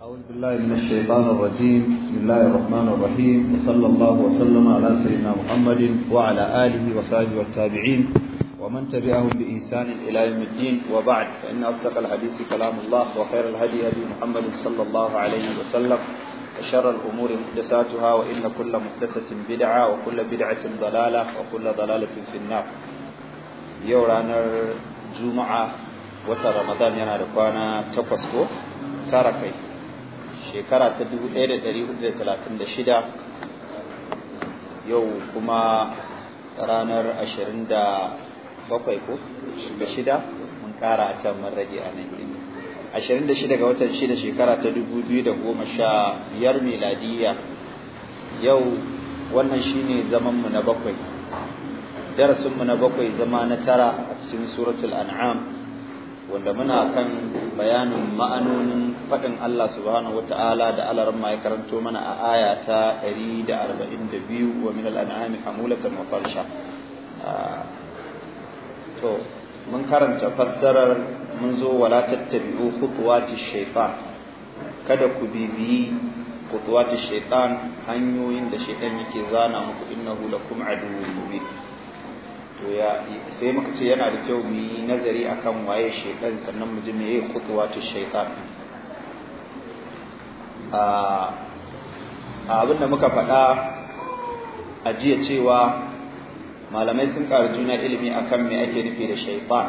أعوذ بالله من الشيطان الرجيم بسم الله الرحمن الرحيم وصلى الله وسلم على سيدنا محمد وعلى آله وصحبه والتابعين ومن تبعهم بإحسان إلى يوم الدين وبعد فإن أصدق الحديث كلام الله وخير الهدي هدي محمد صلى الله عليه وسلم وشر الأمور محدثاتها وإن كل محدثة بدعة وكل بدعة ضلالة وكل ضلالة في النار يورانا الجمعة wata ramadan yana da kwana takwas ko tara kai shekara ta 1436 yau kuma ranar 27 ko da shida mun kara a can mun rage a nan da 26 ga watan 6 shekara ta 2015 miladiyya yau wannan shine zaman mu na bakwai darasin mu na bakwai zama na tara a cikin suratul an'am wanda muna kan bayanin ma'anonin faɗin Allah subhanahu wata'ala da alaran ma ya karanto mana a aya ta 142 wa min al'an'ami hamulatan wa farsha ah, to mun karanta fassarar mun zo wala tattabi'u khutuwati shaytan kada ku bibiyi khutuwati shaytan hanyoyin da shaytan yake zana muku innahu lakum aduwwun mubin to ya sai muka ce yana da kyau mu yi nazari akan waye shaitan sannan mu ji me yake kutuwa ta shaitan a abin da muka faɗa a jiya cewa malamai sun ƙara juna ilimi akan me ake rufe da shaitan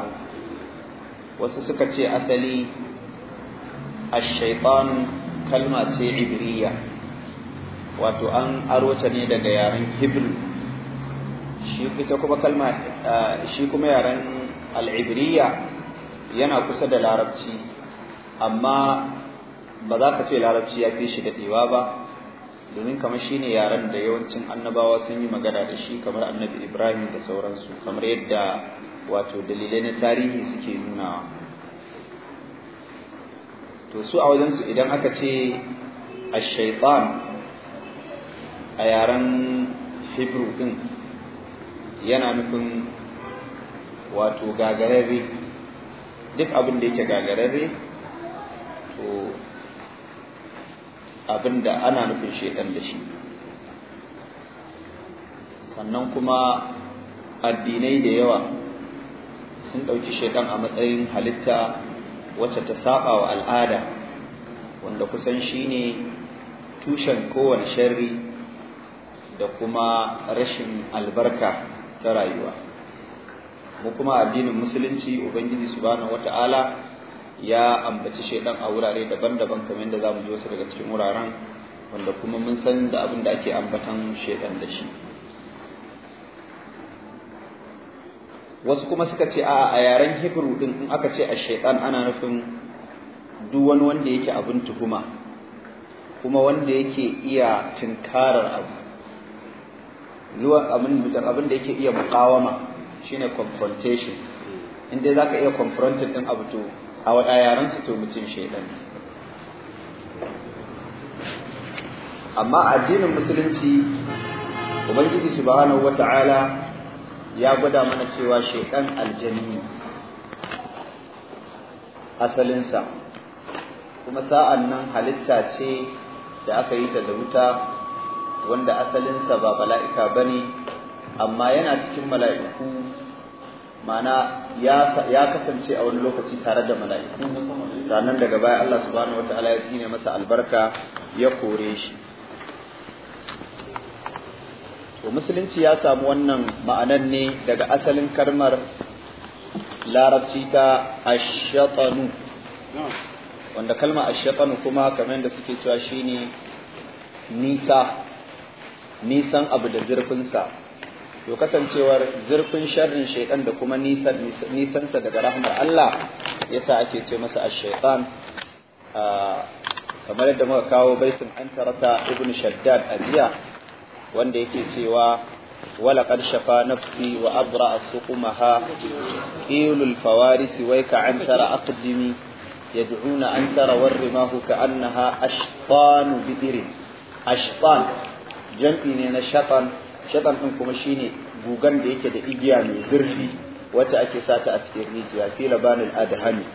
wasu suka ce asali ash-shaitan kalma ce ibriya wato an arwata ne daga yaren hebrew shi ita kuma kalma shi kuma yaren al'ibriya yana kusa da larabci amma ba za ka ce larabci ya fi shi daɗewa ba domin kamar shi ne yaren da yawancin annabawa sun yi magana da shi kamar annabi ibrahim da sauransu kamar yadda wato dalilai na tarihi suke nunawa to su a wajensu idan aka ce a shaitan a yaren hebrew din yana nufin wato gagararre duk abin da yake gagararre to abin da ana nufin shaidan da shi sannan kuma addinai da yawa sun ɗauki shaidan a matsayin halitta wacce ta saba wa al'ada wanda kusan shi ne tushen kowane sharri da kuma rashin albarka ta rayuwa mu kuma addinin musulunci ubangiji subhanahu wata'ala ya ambaci shaiɗan a wurare daban-daban kamar yadda zamu ji wasu daga cikin wuraren wanda kuma mun san da abin da ake ambatan shaiɗan da shi wasu kuma suka ce a a yaren hebrew din in aka ce a shaiɗan ana nufin duk wani wanda yake abin tuhuma kuma wanda yake iya tunkarar abu zuwa abin abin da yake iya muqawama shine confrontation in dai zaka iya confronting din abu to a wada yaran su to mutum shaydan amma addinin musulunci ubangiji subhanahu wataala ya gwada mana cewa shaydan aljanni asalinsa kuma sa'an nan halitta ce da aka yi ta da wuta wanda asalinsa ba mala'ika ba ne amma yana cikin mala'iku mana ya kasance a wani lokaci tare da mala'iku sannan daga baya Allah subhanahu wata'ala ya tsine masa albarka ya kore shi to musulunci ya samu wannan ma'anan ne daga asalin kalmar larabci ta ashatanu wanda kalmar ashatanu kuma kamar da suke cewa shine nisa nisan abu da zurfinsa to kasancewar zurfin sharrin shaitan da kuma nisan nisansa daga rahmar Allah yasa ake ce masa ash-shaytan kamar yadda muka kawo baitin an tarata ibn shaddad ajiya wanda yake cewa wala qad shafa nafsi wa abra as-suqumaha qilul fawaris wa ka an tara aqdimi yad'una an tara warrimahu ka annaha ashtan bidirin ashtan jam'i ne na shatan shatan din kuma shine gugan da yake da igiya mai zurfi wacce ake sata a cikin rijiya fi labanil adhami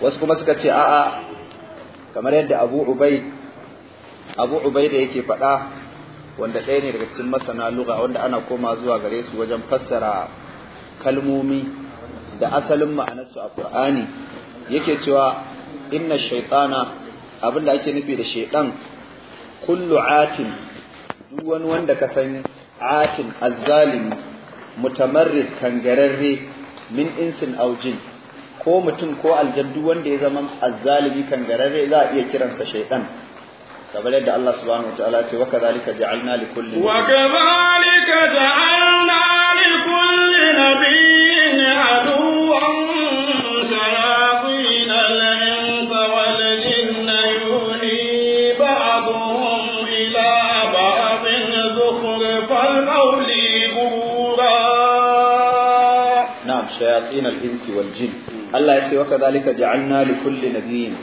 wasu kuma suka ce a'a kamar yadda Abu Ubaid Abu Ubaid yake faɗa wanda ɗaya ne daga cikin masana lugha wanda ana koma zuwa gare su wajen fassara kalmomi da asalin ma'anarsu a Qur'ani yake cewa inna shaytana abinda ake nufi da shaytan kullu atin duk wani wanda ka san atin azzalimi mutamarrid kangararre min insin aujin ko mutum ko aljaddu wanda ya zama azzalimi kangararre za a iya kiransa shaidan kamar yadda Allah subhanahu wa ta'ala ce wa kadhalika ja'alna li kulli wa kadhalika ja'alna li kulli nabiyyin aduwwan shayatin al-insi wal jin Allah ya ce wa kadhalika ja'alna li kulli nabiyyin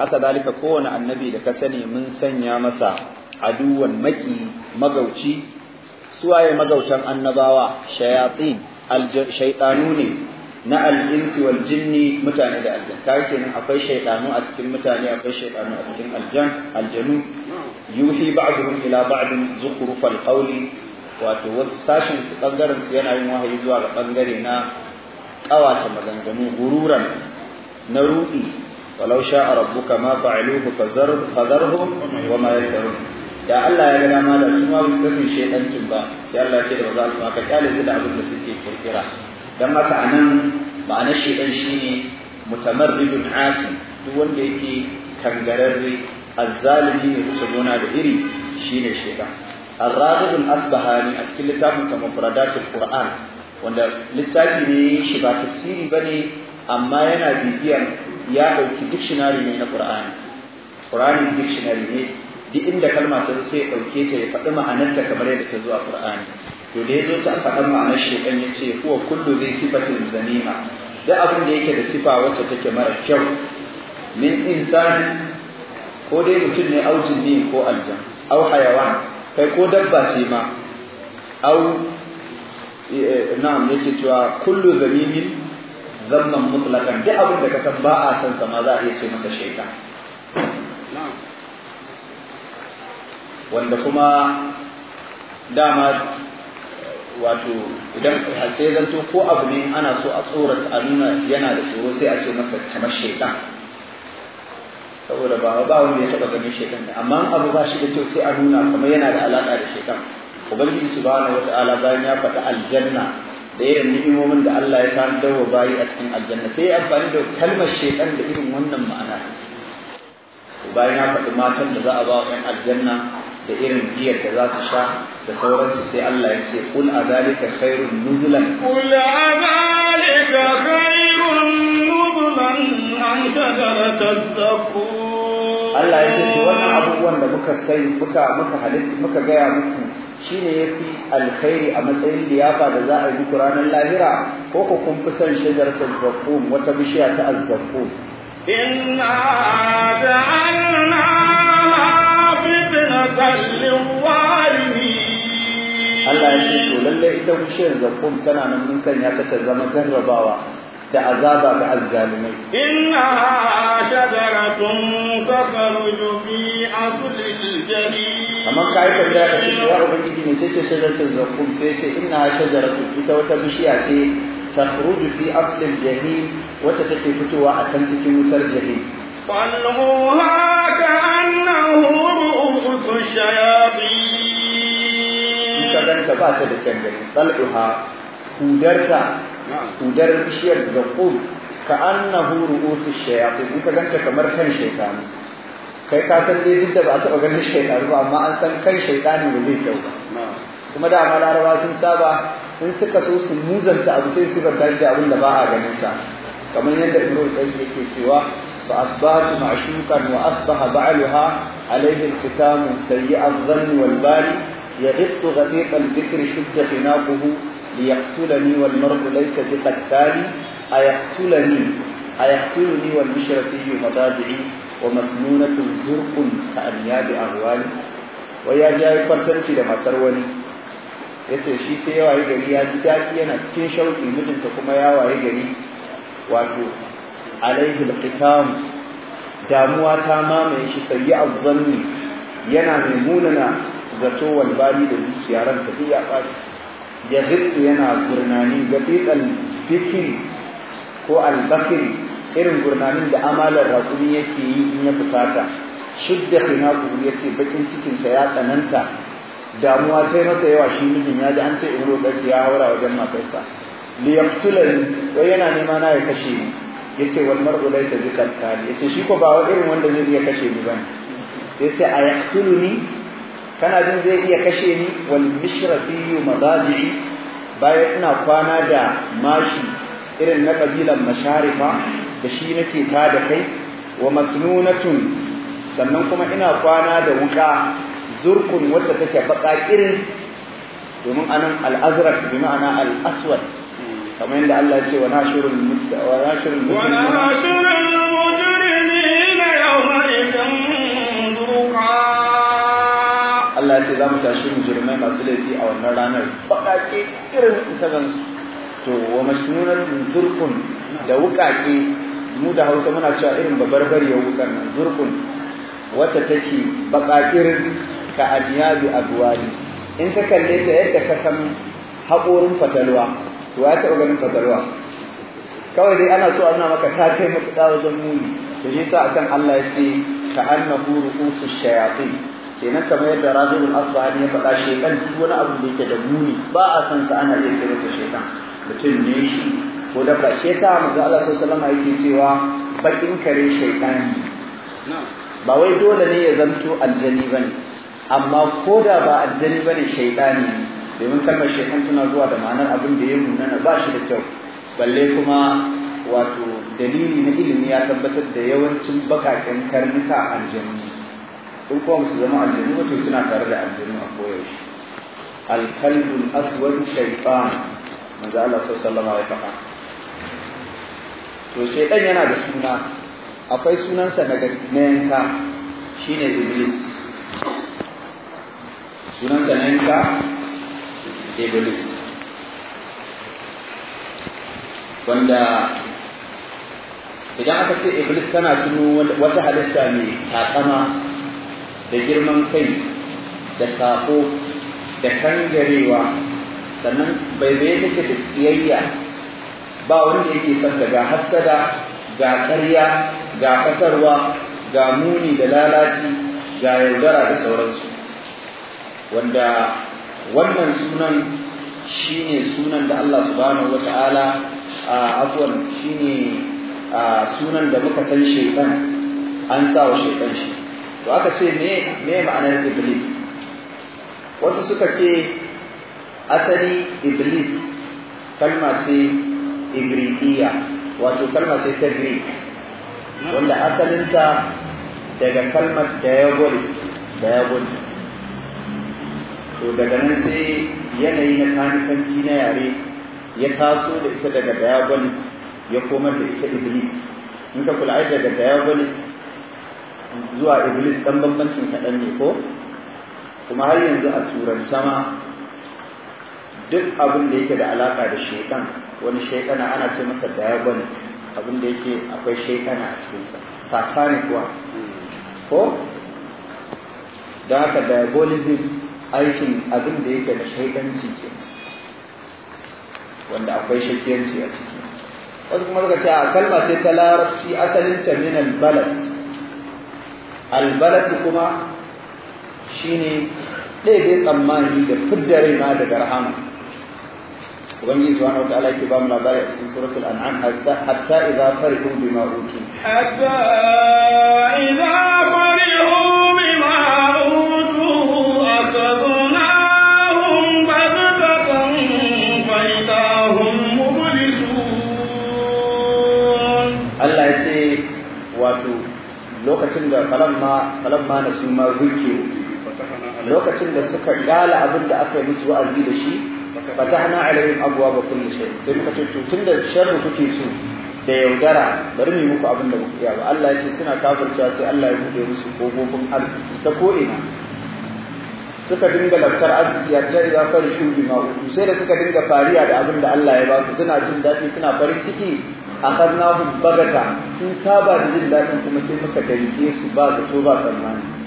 haka zalika kowane annabi da ka sani mun sanya masa aduwan maki magauci suwaye magautan annabawa shayatin shaytanu ne na al'insi wal jinni mutane da aljan kai nan akwai shaytanu a cikin mutane akwai shaytanu a cikin aljan aljanu yuhi ba'dhum ila ba'din zukhrufal qawli wato wasu sashin su bangaren su yana yin wahayi zuwa ga bangare na ƙawata maganganu gururan na ruɗi walau sha'a rabbuka ma fa'aluhu fadarhu wa ma da Allah ya ga dama da su ma ba su shaidancin ba sai Allah ce da maza su ka kyale su da abin da suke kirkira dan haka anan ma'anar shaidan shine mutamarridun asi duk wanda yake kangararre azzalimi ne kusa gona da iri shine shaidan الراغب الأصبهاني أتكلم كتاب مفردات Kur'an. wanda littafi ne shi ba tafsiri ba ne amma yana bibiyar ya ɗauki dictionary ne na ƙur'ani ƙur'ani dictionary ne duk inda kalma ta sai ɗauke ta ya faɗi ma'anarta kamar yadda ta zuwa ƙur'ani to da ya zo ta faɗa ma'anar shekan ya ce kuwa kullu zai sifatin zanima duk abin da yake da sifa wacce take mara kyau min insani ko dai mutum ne au ne ko aljan au hayawan kai ko dabba ce ma au Eh, na'am yake cewa kullu zamimin zamman mutlakan duk abin da ka san ba a san sa ma za a iya ce masa shaitan wanda kuma dama wato idan sai zanto ko abu ne ana so a tsorata a nuna yana da tsoro sai a ce masa kamar shaitan saboda ba ba wanda ya taba ganin shaitan amma abu ba shi da kyau sai a nuna kamar yana da alaka da shaitan ubangiji subhanahu wata'ala bayan ya faɗi aljanna da irin ni'imomin da Allah ya tanadar wa bayi a cikin aljanna sai ya amfani da kalmar shekan da irin wannan ma'ana bayan ya faɗi matan da za a ba wa 'yan aljanna da irin biyar da za su sha da sauransu sai Allah ya ce kul a zalika khairun nuzulan kul a zalika khairun nuzulan an shajaratat zakum Allah ya ce wannan abubuwan da muka sai muka muka halitta muka gaya muku shi ne ya fi alkhairi a matsayin liyafa da za a yi muku ranar lahira ko ku kun fi son shajar wata bishiya ta azzakum inna ja'alna fitnatan lil Allah ya ce to lalle ita bishiyar zakkum tana nan mun sanya ta ta zama jarrabawa da azaba ga azzalimai inna shajaratun takhruju fi aslil jahim kamar ka yi da ka ce ya ubangiji ne sai ce shajaratul zakum sai ce inna shajaratu ita wata bishiya ce takhruju fi asli jahim wata take fitowa a can cikin wutar jahim طلعها كأنه رؤوس ta كذلك da الجنة طلعها hudarta hudar bishiyar zakum ka annahu ru'usu shayatin in dan ta kamar kan shaytani kai ka san dai duk da ba a taɓa ganin shaidan ba amma an san kai shaytani ne zai kyau kuma da ma laraba sun saba in suka so su muzanta abu sai su bar dai abin da ba a ganin sa kamar yadda Ibn Qayyim yake cewa fa asbahatu ma'shukan wa asbaha ba'laha alayhi al-khitamu sayyi'a dhann wal al bari يغط غبيق الذكر wal خناقه laysa bi ليس ayaqtulani ayaqtulani wal والمشرفي مبادعي ومسنونة زرق كأنياب Wai ويا جاي فرتنشي لما تروني yace shi sai ya waye gari ya ji daɗi yana cikin shauƙi mijinta kuma ya waye gari wato alaihi alqitam damuwa ta mamaye shi sai azzanni yana mai munana zato walbali da zuciya ran ta ya ɓaci ya yana gurnani ga fiƙal bikin ko albakiri irin gurnanin da amalar raƙumi yake yi in ya fusata shidda ya ce bakin cikin sa ya tsananta damuwa ta yi masa yawa shi mijin ya ji an ce in roƙar ya haura wajen matarsa li yaqtulani wai yana nema na ya kashe ni wani wal mar'u laysa bi Ya ce shi ko ba wa irin wanda zai iya kashe ni ba? Ya ce a ni? kana jin zai iya kashe ni wal mishrafi madaji bayan ina kwana da mashi irin na ƙabilan masharifa da shi nake ta da kai wa masnunatun sannan kuma ina kwana da wuka zurkun wata take baka irin domin anan al-azraq bi ma'ana al-aswad kamar yadda Allah ya ce wa nashurul wa nashurul wa nashurul mujrimina yawma Allah ya ce za mu tashi mujrimai masu laifi a wannan ranar bakake irin isa gansu to wa masnunatun zurkun da wukake mu da hausa muna cewa irin babbar bari ya wukan nan zurkun wacce take baƙaƙirin ka aniyabi adwali in ka kalle ta yadda ka san haƙorin fatalwa to ya taɓa ganin fatalwa kawai dai ana so ana maka ta kai maka ta wajen muni da shi sa akan Allah ya ce ka huru ru'usu shayatin kenan kamar yadda Rabiul Asbahani ya faɗa shekan duk wani abu da yake da muni ba a san ana iya kira ta shekan mutum ne shi ko dabba shi yasa manzo Allah sallallahu alaihi yake cewa bakin kare shaytani ba wai dole ne ya zanto aljani bane amma ko da ba aljani bane shaytani domin kalmar shaytan tana zuwa da ma'anar abin da ya munana ba shi da kyau balle kuma wato dalili na ilimi ya tabbatar da yawancin bakaken karnuka aljanu in kuma su zama aljanu wato suna tare da aljanu a koyaushe alkalbul aswad shaytan manzo Allah sallallahu alaihi to dan yana da suna akwai sunansa na yanka shine iblis sunansa na yanka iblis wanda idan aka ce iblis tana tuno wata halitta mai takama da girman kai da sako da kangarewa sannan bai bai take da tsiyayya ba wanda yake son ga hassada ga ƙarya ga ƙasarwa ga muni da lalaci ga yaudara da sauransu wanda wannan sunan shine sunan da Allah subhanahu wata'ala a afwan shine sunan da muka san shaitan an sa wa shaitan shi to aka ce me me ma'anar iblis wasu suka ce asali iblis kalma ce ibrikiya wato kalmar sai ta greek wanda asalinta daga kalmar diabol diabol to daga nan sai yanayi na kanikanci na yare ya taso da ita daga diabol ya komar da ita iblis in ka kula daga diabol zuwa iblis dan bambancin kaɗan ne ko kuma har yanzu a turan sama duk abin da yake da alaƙa da shekan wani shekana ana ce masa diagon abin da yake akwai shekana a cikinsa satanic kuwa ko da haka diabolism aikin abin da yake da shaitanci ke wanda akwai shekiyanci a ciki wasu kuma suka ce a kalma sai ta larabci asalin ta min albalas albalas kuma shine ɗaya bai tsammani da fidda raina daga rahama ubangiji subhanahu wataala yake ba mu labari a cikin suratul an'am hatta idza farihu bima utu hatta idza farihu bima utu akhadnahum baghtatan fa idahum mublisun Allah ya ce wato lokacin da falamma falamma nasu ma zuke lokacin da suka gala abin da aka yi musu wa'azi da shi fatahna alaihim abwaaba kulli shay sai muka ce tun da sharri kuke so da yaudara bari mu muku abin da muke iya ba Allah ya ce suna sai Allah ya bude musu kofofin arziki ta ko ina suka dinga laftar arziki ta idza farishu bima sai da suka dinga fariya da abin da Allah ya ba su suna jin daɗi suna farin ciki akhadnahum bagata sun saba da jin dadin kuma sai muka dalike su ba zato ba tsammani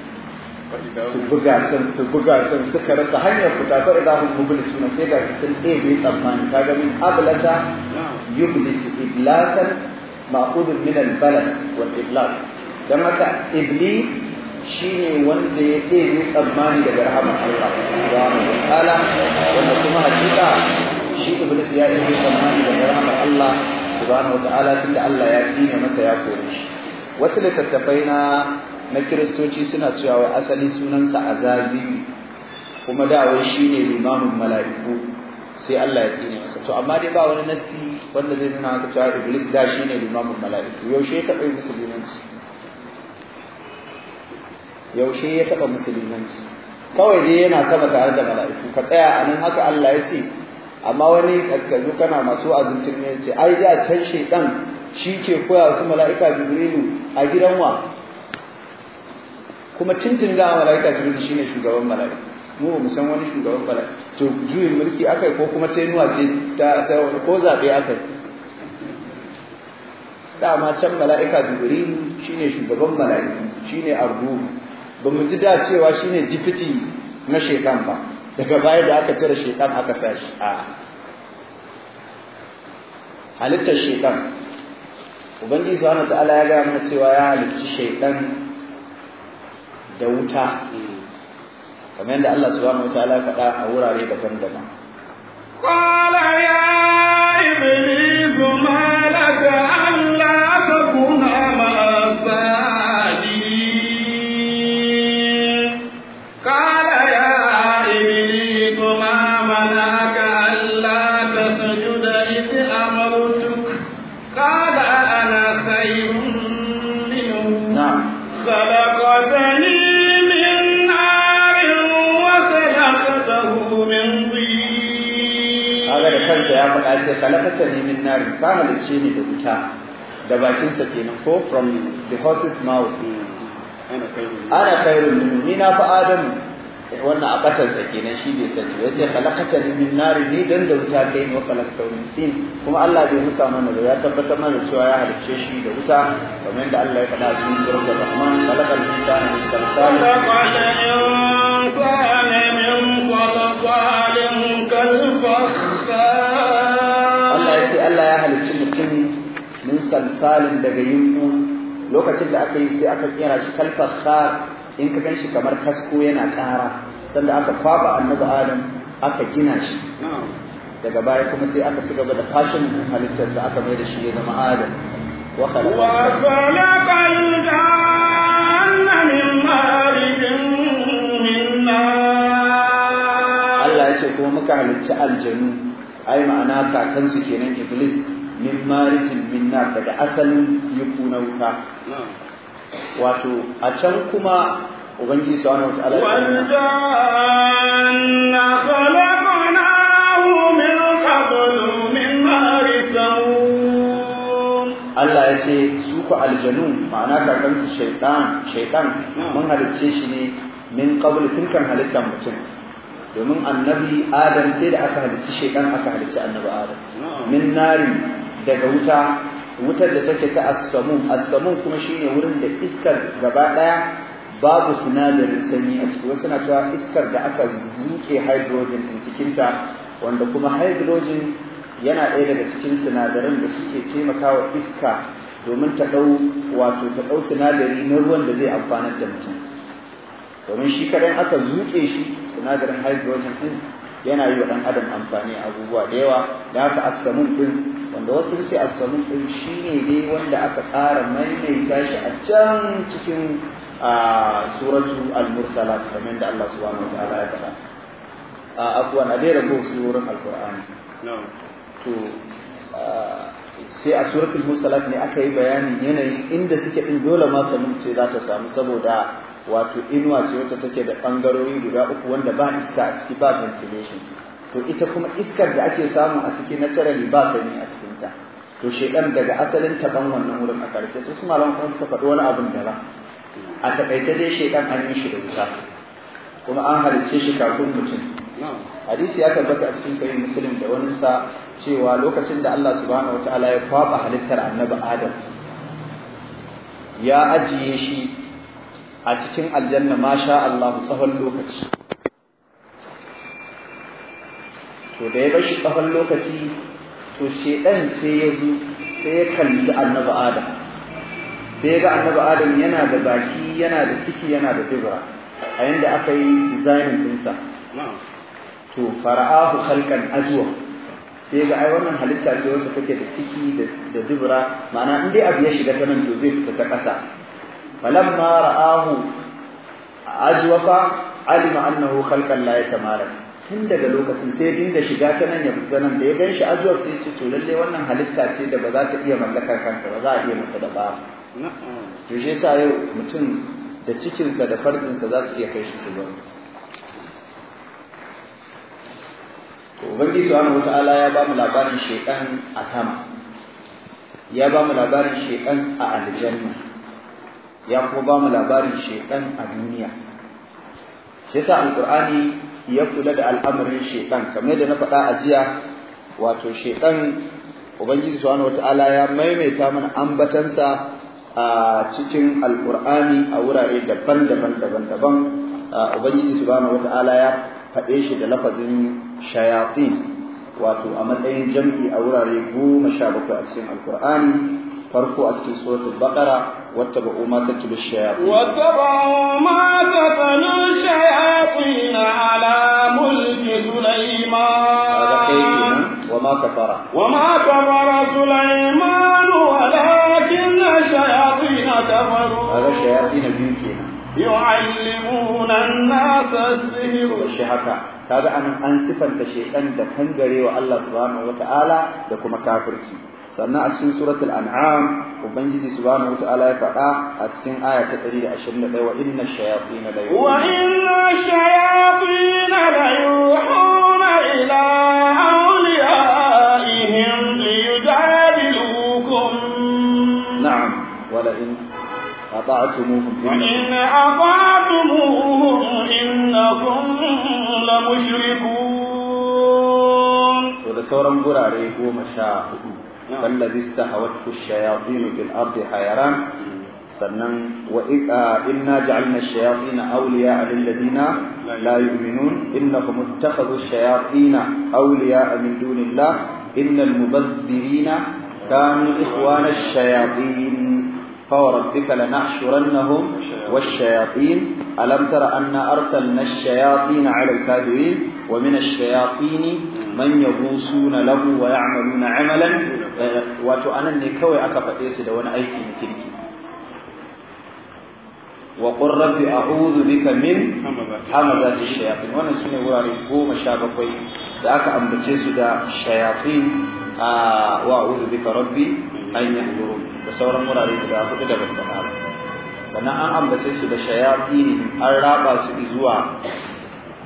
su buga sun su buga can suka rasa hanyar fita hun idahum su sai ga sun ɗebe tsammani kaga min ablata yublisu idlasan ma'qudun min al-balas wal iblat dan haka iblis shine wanda ya ɗebe tsammani daga rahamar Allah subhanahu wa ta'ala wanda kuma hakika shi iblis ya ɗebe tsammani daga rahamar Allah subhanahu wa ta'ala tunda Allah ya tsine masa ya kore shi wasu littattafai na na kiristoci suna cewa asali sunansa azazi kuma da wai ne limamin mala'iku sai Allah ya tsine masa to amma dai ba wani nasi wanda zai nuna maka cewa iblis da shi ne limamin mala'iku yaushe ya taɓa musulunci yaushe ya taɓa musulunci kawai dai yana sama tare da mala'iku ka tsaya a nan haka Allah ya ce amma wani kakkazu kana masu azuntun ne ya ce ai da can shaidan shi ke koya su mala'ika jibrilu a gidan wa kuma Tintin da malaika jibril shine shugaban malaika mu ba mu san wani shugaban malaika to juyin mulki akai ko kuma nuwa ce ta ko zabe akai dama can mala'ika jibril shine shugaban mala'iku shine ardu ba mu ji da cewa shine jifiti na shekan ba daga baya da aka cire shekan aka sashi a halitta shekan ubangiji subhanahu wa ta'ala ya ga mana cewa ya halicci shekan da wuta kamar yadda Allah subhanahu wataala faɗa a wurare daban-daban qala ya iblis ma ta'ala ya ce khalaqata ni min narin ka halicce ni da wuta da bakin sa nan ko from the horse's mouth ne ana kairu min ni na fa adam wannan a katar sa nan shi bai sani yace khalaqata ni min narin ne dan da wuta kai ne wa khalaqta min tin kuma Allah bai musa mana da ya tabbatar mana cewa ya halicce shi da wuta kamar yadda Allah ya faɗa cikin surah Ar-Rahman khalaqal insana min salsalin khalaqal insana min salsalin kal salsalin daga yunku lokacin da aka yi sai aka kera shi kalfasar in ka ganshi kamar kasko yana ƙara sanda aka kwaba annabi adam aka gina shi daga baya kuma sai aka ci gaba da fashin sa aka mai da shi ya zama adam wa Allah ya ce kuma muka halicci aljanu ai ma'ana kakansu kenan iblis min marijin min nar daga asalin yuku na wuta wato a can kuma ubangiji subhanahu wataala ya Allah ya ce su ku aljanu ma'ana kakansu shaitan shaitan mun halicce shi ne min qabl tilkan halittar mutum domin annabi adam sai da aka halicci shaitan aka halicci annabi adam min nari daga wuta wutar da take ta as-samum as-samum kuma shine wurin da iskar gaba daya babu sinadarin sanyi a ciki wasu na cewa iskar da aka zuke hydrogen din cikin ta wanda kuma hydrogen yana ɗaya daga cikin sinadaran da suke taimakawa iska domin ta ɗau wato ta ɗau sinadari na ruwan da zai amfana da mutum domin shi kaɗan aka zuke shi sinadarin hydrogen din. yana yi wa ɗan adam amfani abubuwa da yawa da haka assamun ɗin wanda wasu ce assamun ɗin shi ne dai wanda aka ƙara maimaita shi a can cikin suratu al-mursalat kamar da Allah subhanahu wa ta'ala ya faɗa a abuwan a daira ko wurin al quran to sai a suratul mursalat ne aka yi bayanin yanayin inda suke ɗin dole ma samun ce za ta samu saboda wato inuwa ce wata take da ɓangarori guda uku wanda ba iska a ciki ba ventilation to ita kuma iskar da ake samu a ciki naturally ba sanyi a cikinta to shekan daga asalin taɓan wannan wurin a ƙarshe su su ran kuma suka faɗi wani abin da ba a taƙaice dai shekan an yi shi da wuta kuma an halicce shi kafin mutum hadisi ya tabbata a cikin sahih muslim da wani sa cewa lokacin da Allah subhanahu wataala ya kwaba halittar annabi Adam ya ajiye shi a cikin aljanna masha Allah tsawon lokaci to da ya bar shi tsawon lokaci to shedan sai ya zo sai ya kalli annabi Adam sai ya ga annabi Adam yana da baki yana da ciki yana da dubura a yanda aka yi design ɗinsa to fara'ahu khalqan ajwa sai ga ai wannan halitta ce wasu take da ciki da dubura ma'ana in dai abu ya shiga ta nan to zai fita ta ƙasa falamma ra'ahu ajwafa alima annahu khalqan la yatamaran tun daga lokacin sai dinga shiga ta nan ya fita nan da ya gan shi ajwaf sai ce to lalle wannan halitta ce da ba za ta iya mallakar kanta ba za a iya masa da ba to shi yasa yau mutum da cikinsa da farkinsa za su iya kai shi su ba. to ubangi subhanahu wataala ya ba mu labarin shekan a sama ya ba mu labarin shekan a aljanna ya kuma ba mu labarin shekan a duniya shi sa alqur'ani ya kula da al'amarin shekan kamar da na faɗa a jiya wato shekan ubangiji subhanahu wataala ya maimaita mana ambatansa a cikin alqur'ani a wurare daban-daban daban-daban ubangiji subhanahu wataala ya faɗe shi da lafazin shayatin wato a matsayin jam'i a wurare goma sha bakwai a cikin alkur'ani farko a cikin suratul baqara wattaba'u ma tatlu shayatin wattaba'u ma tatlu shayatin ala mulki sulaiman wa ma kafara wa ma kafara sulaiman walakin shayatin kafaru hada shayatin biyu kenan yu'allimuna an-nasa as-sihr wa shahaka kaga an an sifanta shedan da kangarewa Allah subhanahu wataala da kuma kafirci sannan a cikin suratul an'am ubangiji subhanahu wataala ya faɗa a cikin aya ta 121 wa inna shayatin la yuhuna wa inna shayatin la yuhuna ila awliyaihim liyujadilukum na'am wala in أطعتموهم وإن أطعتموهم إنكم لمشركون وده سورة قراري قوم شاهدون نعم. الذي استحوته الشياطين في الأرض حيران سنن وإذا آه، إنا جعلنا الشياطين أولياء للذين لا يؤمنون إنهم اتخذوا الشياطين أولياء من دون الله إن المبذرين كانوا إخوان الشياطين فوربك لنحشرنهم والشياطين ألم تر أن أرسلنا الشياطين على الكافرين ومن الشياطين من يغوصون له ويعملون عملا وتؤنا نكوي أكفت يسد وانا أيكي نكيكي وقل رب أعوذ بك من همزات الشياطين وانا سنة وراري قوم شابقوي ذاك أنبتيس دا الشياطين آه وأعوذ بك ربي أن يحضرون بصورة مراري دا أخذ دا بالبقار وانا أنبتيس دا الشياطين أرابا سبزوا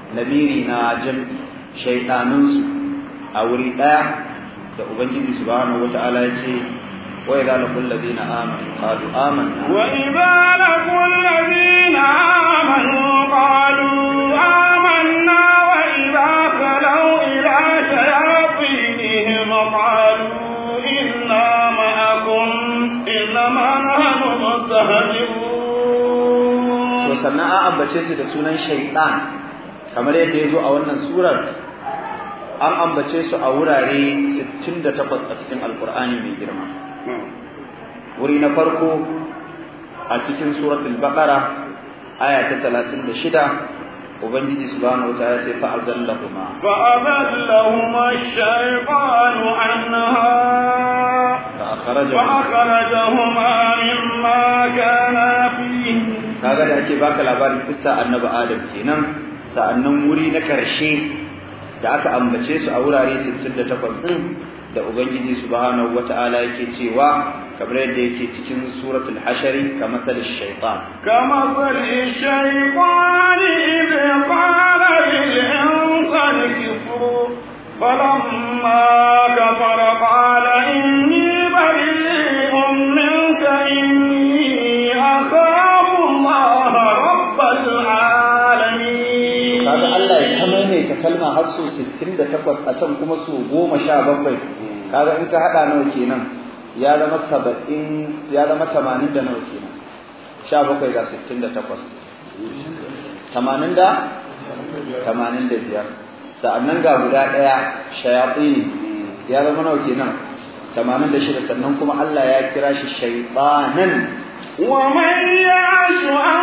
Namiri na jam'i shaiɗanunsu a wuri ɗaya da ubangiji subhanahu wataala ya ce wa idza laqul ladina amanu qalu amanna wa idza na ladina amanu qalu amanna ila inna a ambace su da sunan Shaitan. kamar yadda ya zo a wannan surar an ambace su a wurare 68 a cikin alkur'ani mai girma wuri na farko a cikin suratul baqara aya ta 36 ubangiji subhanahu wataala sai fa azallahuma fa azallahuma ash-shaytanu anha fa akhrajahuma fa akhrajahuma mimma kana fihi kaga da ake baka labarin kissa annabi adam kenan sa'annan wuri na karshe da aka ambace su a wurare 68 din da ubangiji subhanahu wata'ala yake cewa kamar yadda yake cikin suratul hashari Ka sal shaytan kama sal shaytan idza qala lil insani kufur falamma kafara qala har so 68 a can kuma so 17 kaga in ka hada nawa kenan ya zama 70 ya zama 80 da nawa kenan 17 ga 68 80 da 85 sa'annan ga guda daya shayatin ya zama nawa kenan 86 sannan kuma Allah ya kira shi shaytanan wa man ya'shu an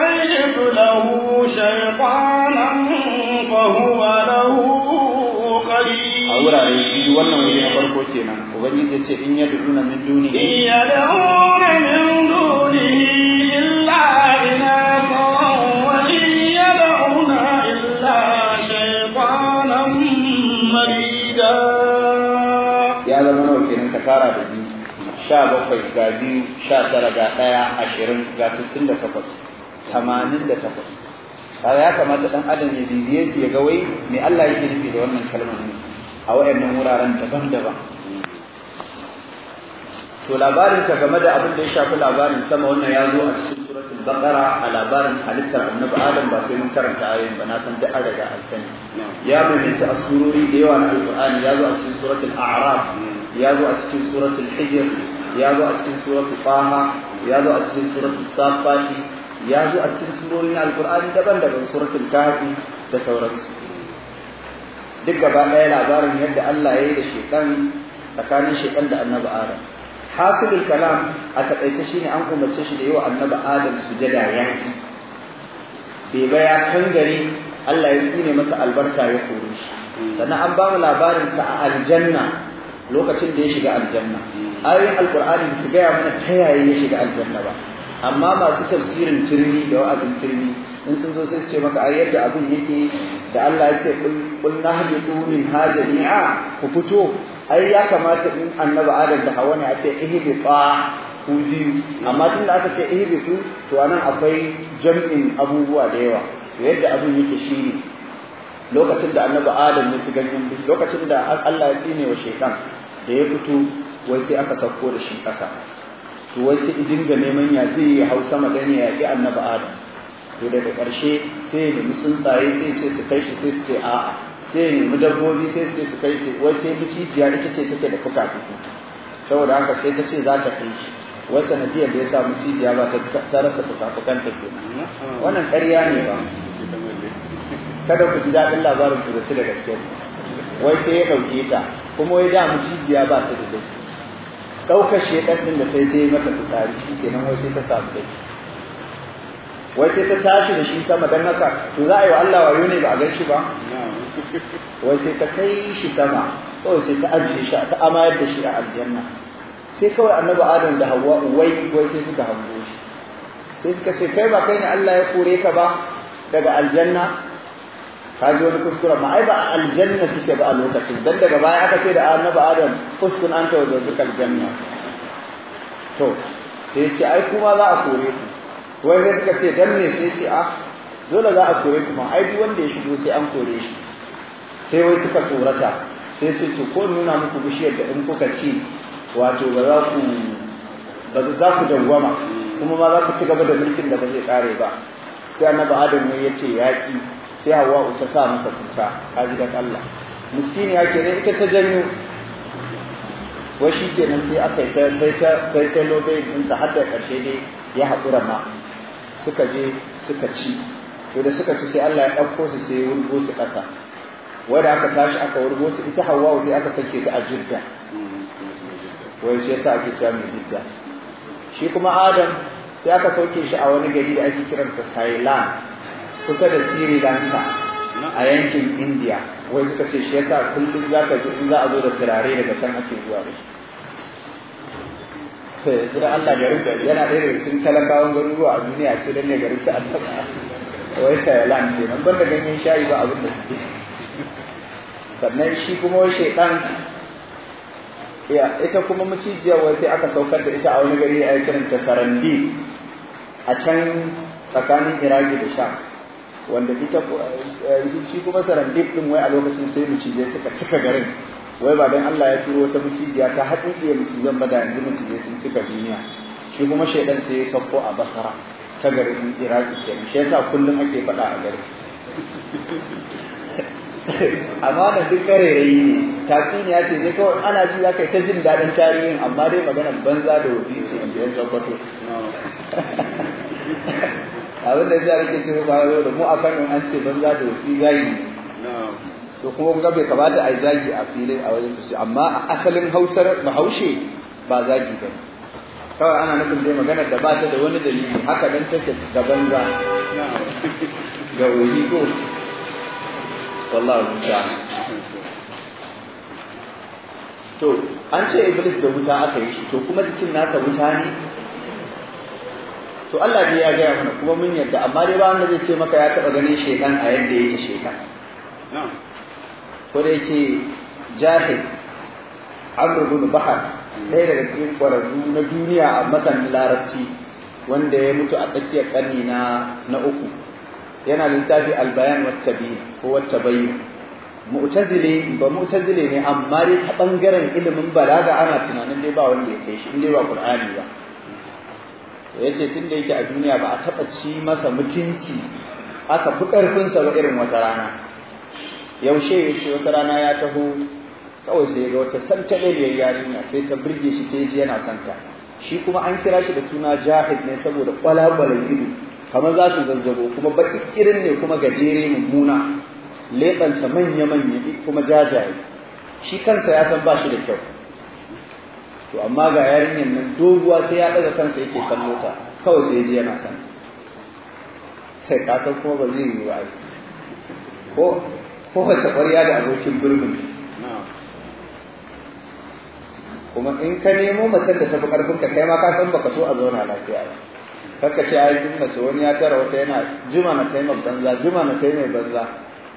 نكيد له شيطانا فهو له قريب a wurare biyu wannan wuri na farko kenan ubangiji ya ce in ya duduna min duni in ya duduna min duni illa ina wa in ya duduna illa shaytanan marida ya zama nawa kenan ka tara da biyu sha bakwai ga biyu sha tara ga ɗaya ashirin ga sittin da takwas tamanin da takwas kaga ya kamata dan adam ya bibiye shi ya ga wai me Allah yake nufi da wannan kalmar ne a wayannan wuraren daban-daban to labarin ka game da abin da ya shafi labarin sama wannan ya zo a cikin suratul baqara a labarin halittar annabi adam ba sai mun karanta ayoyin ba na san duk an riga an sani ya maimaita asururi da yawa na alqur'ani ya zo a cikin suratul a'raf ya zo a cikin suratul hijr ya zo a cikin suratul Faha, ya zo a cikin suratul safati ya zo a cikin sunonin alkur'ani daban-daban suratul kafi da sauransu duk gaba ɗaya labarin yadda Allah ya yi da shekan tsakanin shekan da annabi adam hasilul kalam a taƙaice shine an umarce shi da yawa annabi adam sujada yanki bai ba ya kangare Allah ya tsine masa albarka ya kore shi sannan an ba mu labarin sa a aljanna lokacin da ya shiga aljanna ayoyin alkur'ani su gaya mana ta yaya ya shiga aljanna ba amma masu tafsirin turmi da wa'azin turmi in sun zo sai ce maka a yadda abin yake da Allah ya ce kul nahbitu min hajami'a ku fito ai ya kamata in annabi adam da hawa ne a ce ihbita ku biyu amma tun da aka ce ihbitu to anan akwai jam'in abubuwa da yawa to yadda abin yake shine lokacin da annabi adam ya ci ganyen lokacin da Allah ya tsine wa shekan da ya fito wai sai aka sauko da shi ƙasa to wai sai dinga neman ya zai yi hau sama dan ya yaƙi annabi adam to daga ƙarshe sai ya nemi tsuntsaye sai ce su kai shi sai su ce a'a sai ya nemi dabbobi sai su ce su kai shi wai sai mucijiya ita ce take da fuka saboda haka sai ta ce za ta kai shi wai sanadiyar da ya sa cijiya ba ta rasa fuka-fukan ta ke wannan ƙarya ne ba kada ku ji daɗin labarin ku da su da gaske wai sai ya ɗauke ta kuma wai da mu cijiya ba ta da dai ɗaukar shekar ɗin da sai ta yi mata fitsari shi ke nan wai sai ta samu da shi wai sai ta tashi da shi sama don haka to za a yi wa Allah wayo ne ba a gan shi ba wai sai ta kai shi sama kawai sai ta ajiye shi ta amayar da shi a aljanna sai kawai annabi adam da hawa wai wai sai suka hango shi sai suka ce kai ba kai ne Allah ya kore ka ba daga aljanna ka ji wani kuskura ma ai ba aljanna suke ba a lokacin dan daga baya aka ce da annabi adam uskun ta wajen zuka aljanna to sai ce ai kuma za a kore ku wai sai suka ce dan me sai ce a ah, dole za a kore ku ma ai duk wanda ya shigo sai an kore shi sai wai suka tsorata sai ce to ko nuna muku bishiyar da in kuka ci wato ba za ku ba za ku dangwama kuma ma za ku ci gaba da mulkin da ba zai kare ba sai annabi adam ne ya ce yaƙi sai hawa ta sa masa kuka a gidan Allah miskini ake ne ita ta janyo wai shi kenan sai aka yi sai ta sai ta lobe din ta har karshe ne ya haƙura ma suka je suka ci to da suka ci sai Allah ya ɗauko su sai wurgo su ƙasa wanda aka tashi aka wurgo su ita hawa sai aka sake ta a jirga wai shi yasa ake cewa mai jirga shi kuma Adam sai aka sauke shi a wani gari da ake kiransa Thailand kusa da Sri Lanka a yankin India wai suka ce shi yasa kullum za ka ji in za a zo da turare daga can ake zuwa da shi sai da Allah garin yana ɗaya daga cikin talabawan garuruwa a duniya ce dan ne garin ta Allah wai Thailand ce nan ban da ganyen shayi ba abin da suke sannan shi kuma shaitan ya ita kuma macijiya wai sai aka saukar da ita a wani gari a kiran ta Sarandi a can tsakanin Iraki da Sham wanda ita eh, shi kuma sarandif din wai a lokacin sai mucije suka cika garin wai ba dan Allah ya turo ta mucijiya ta hatsiye mucizan ba da yanzu mucije sun cika duniya shi kuma shaidan sai ya sauko a basara ta garin iraki kenan shi yasa kullum ake faɗa a gari amma da duk karerayi ne tatsuniya ce dai kawai ana ji za ka ta jin daɗin tarihin amma dai maganar banza da wofi ce in ji yan sokoto abin da zai cikin bayan yau, da mu akan kanin an ce banza da wasu zagi to kuma kuka bai kamata a yi zagi a filin a wajen su amma a asalin hausar bahaushe ba zagi ba kawai ana nufin dai magana da ba ta da wani dalili haka dan take da banza ga wani ko wallahi ta to an ce iblis da wuta aka yi shi to kuma jikin nasa wuta ne to Allah ne ya gaya mana kuma mun yadda amma dai ba wanda zai ce maka ya taba ganin shekan a yadda yake shekan ko da yake jahil Amr bin Bahar ɗaya daga cikin ƙwararru na duniya a masan larabci wanda ya mutu a tsakiyar ƙarni na na uku yana littafi albayan wata biyu ko wata bayu mu'tazile ba mu'tazile ne amma dai ta bangaren ilimin balaga ana tunanin dai ba wanda ya kai shi in dai ba qur'ani ba ya ce tun da yake a duniya ba a taɓa ci masa mutunci aka fi ƙarfinsa ba irin wata rana yaushe ya ce wata rana ya taho kawai sai ga wata santa santaleliyar yarinya sai ta birge shi sai ji yana santa shi kuma an kira shi da suna jahid ne saboda kwalakwalan ido kamar za su zazzabo kuma baƙi kirin ne kuma gajere mummuna leɓansa manya-manya kuma jajaye shi kansa ya san ba shi da kyau to amma ga yarinyar nan doguwa sai ya daga kansa yake kallo ta kawai sai ji yana san sai ka san kuma ba zai yi ba ko ko wace ƙwarya da abokin birnin kuma in ka nemo mace da tafi karfin ka kai ma ka san baka so a zauna lafiya ba kakka ce ai duk mace wani ya tara wata yana juma na kai mai banza juma na kai mai banza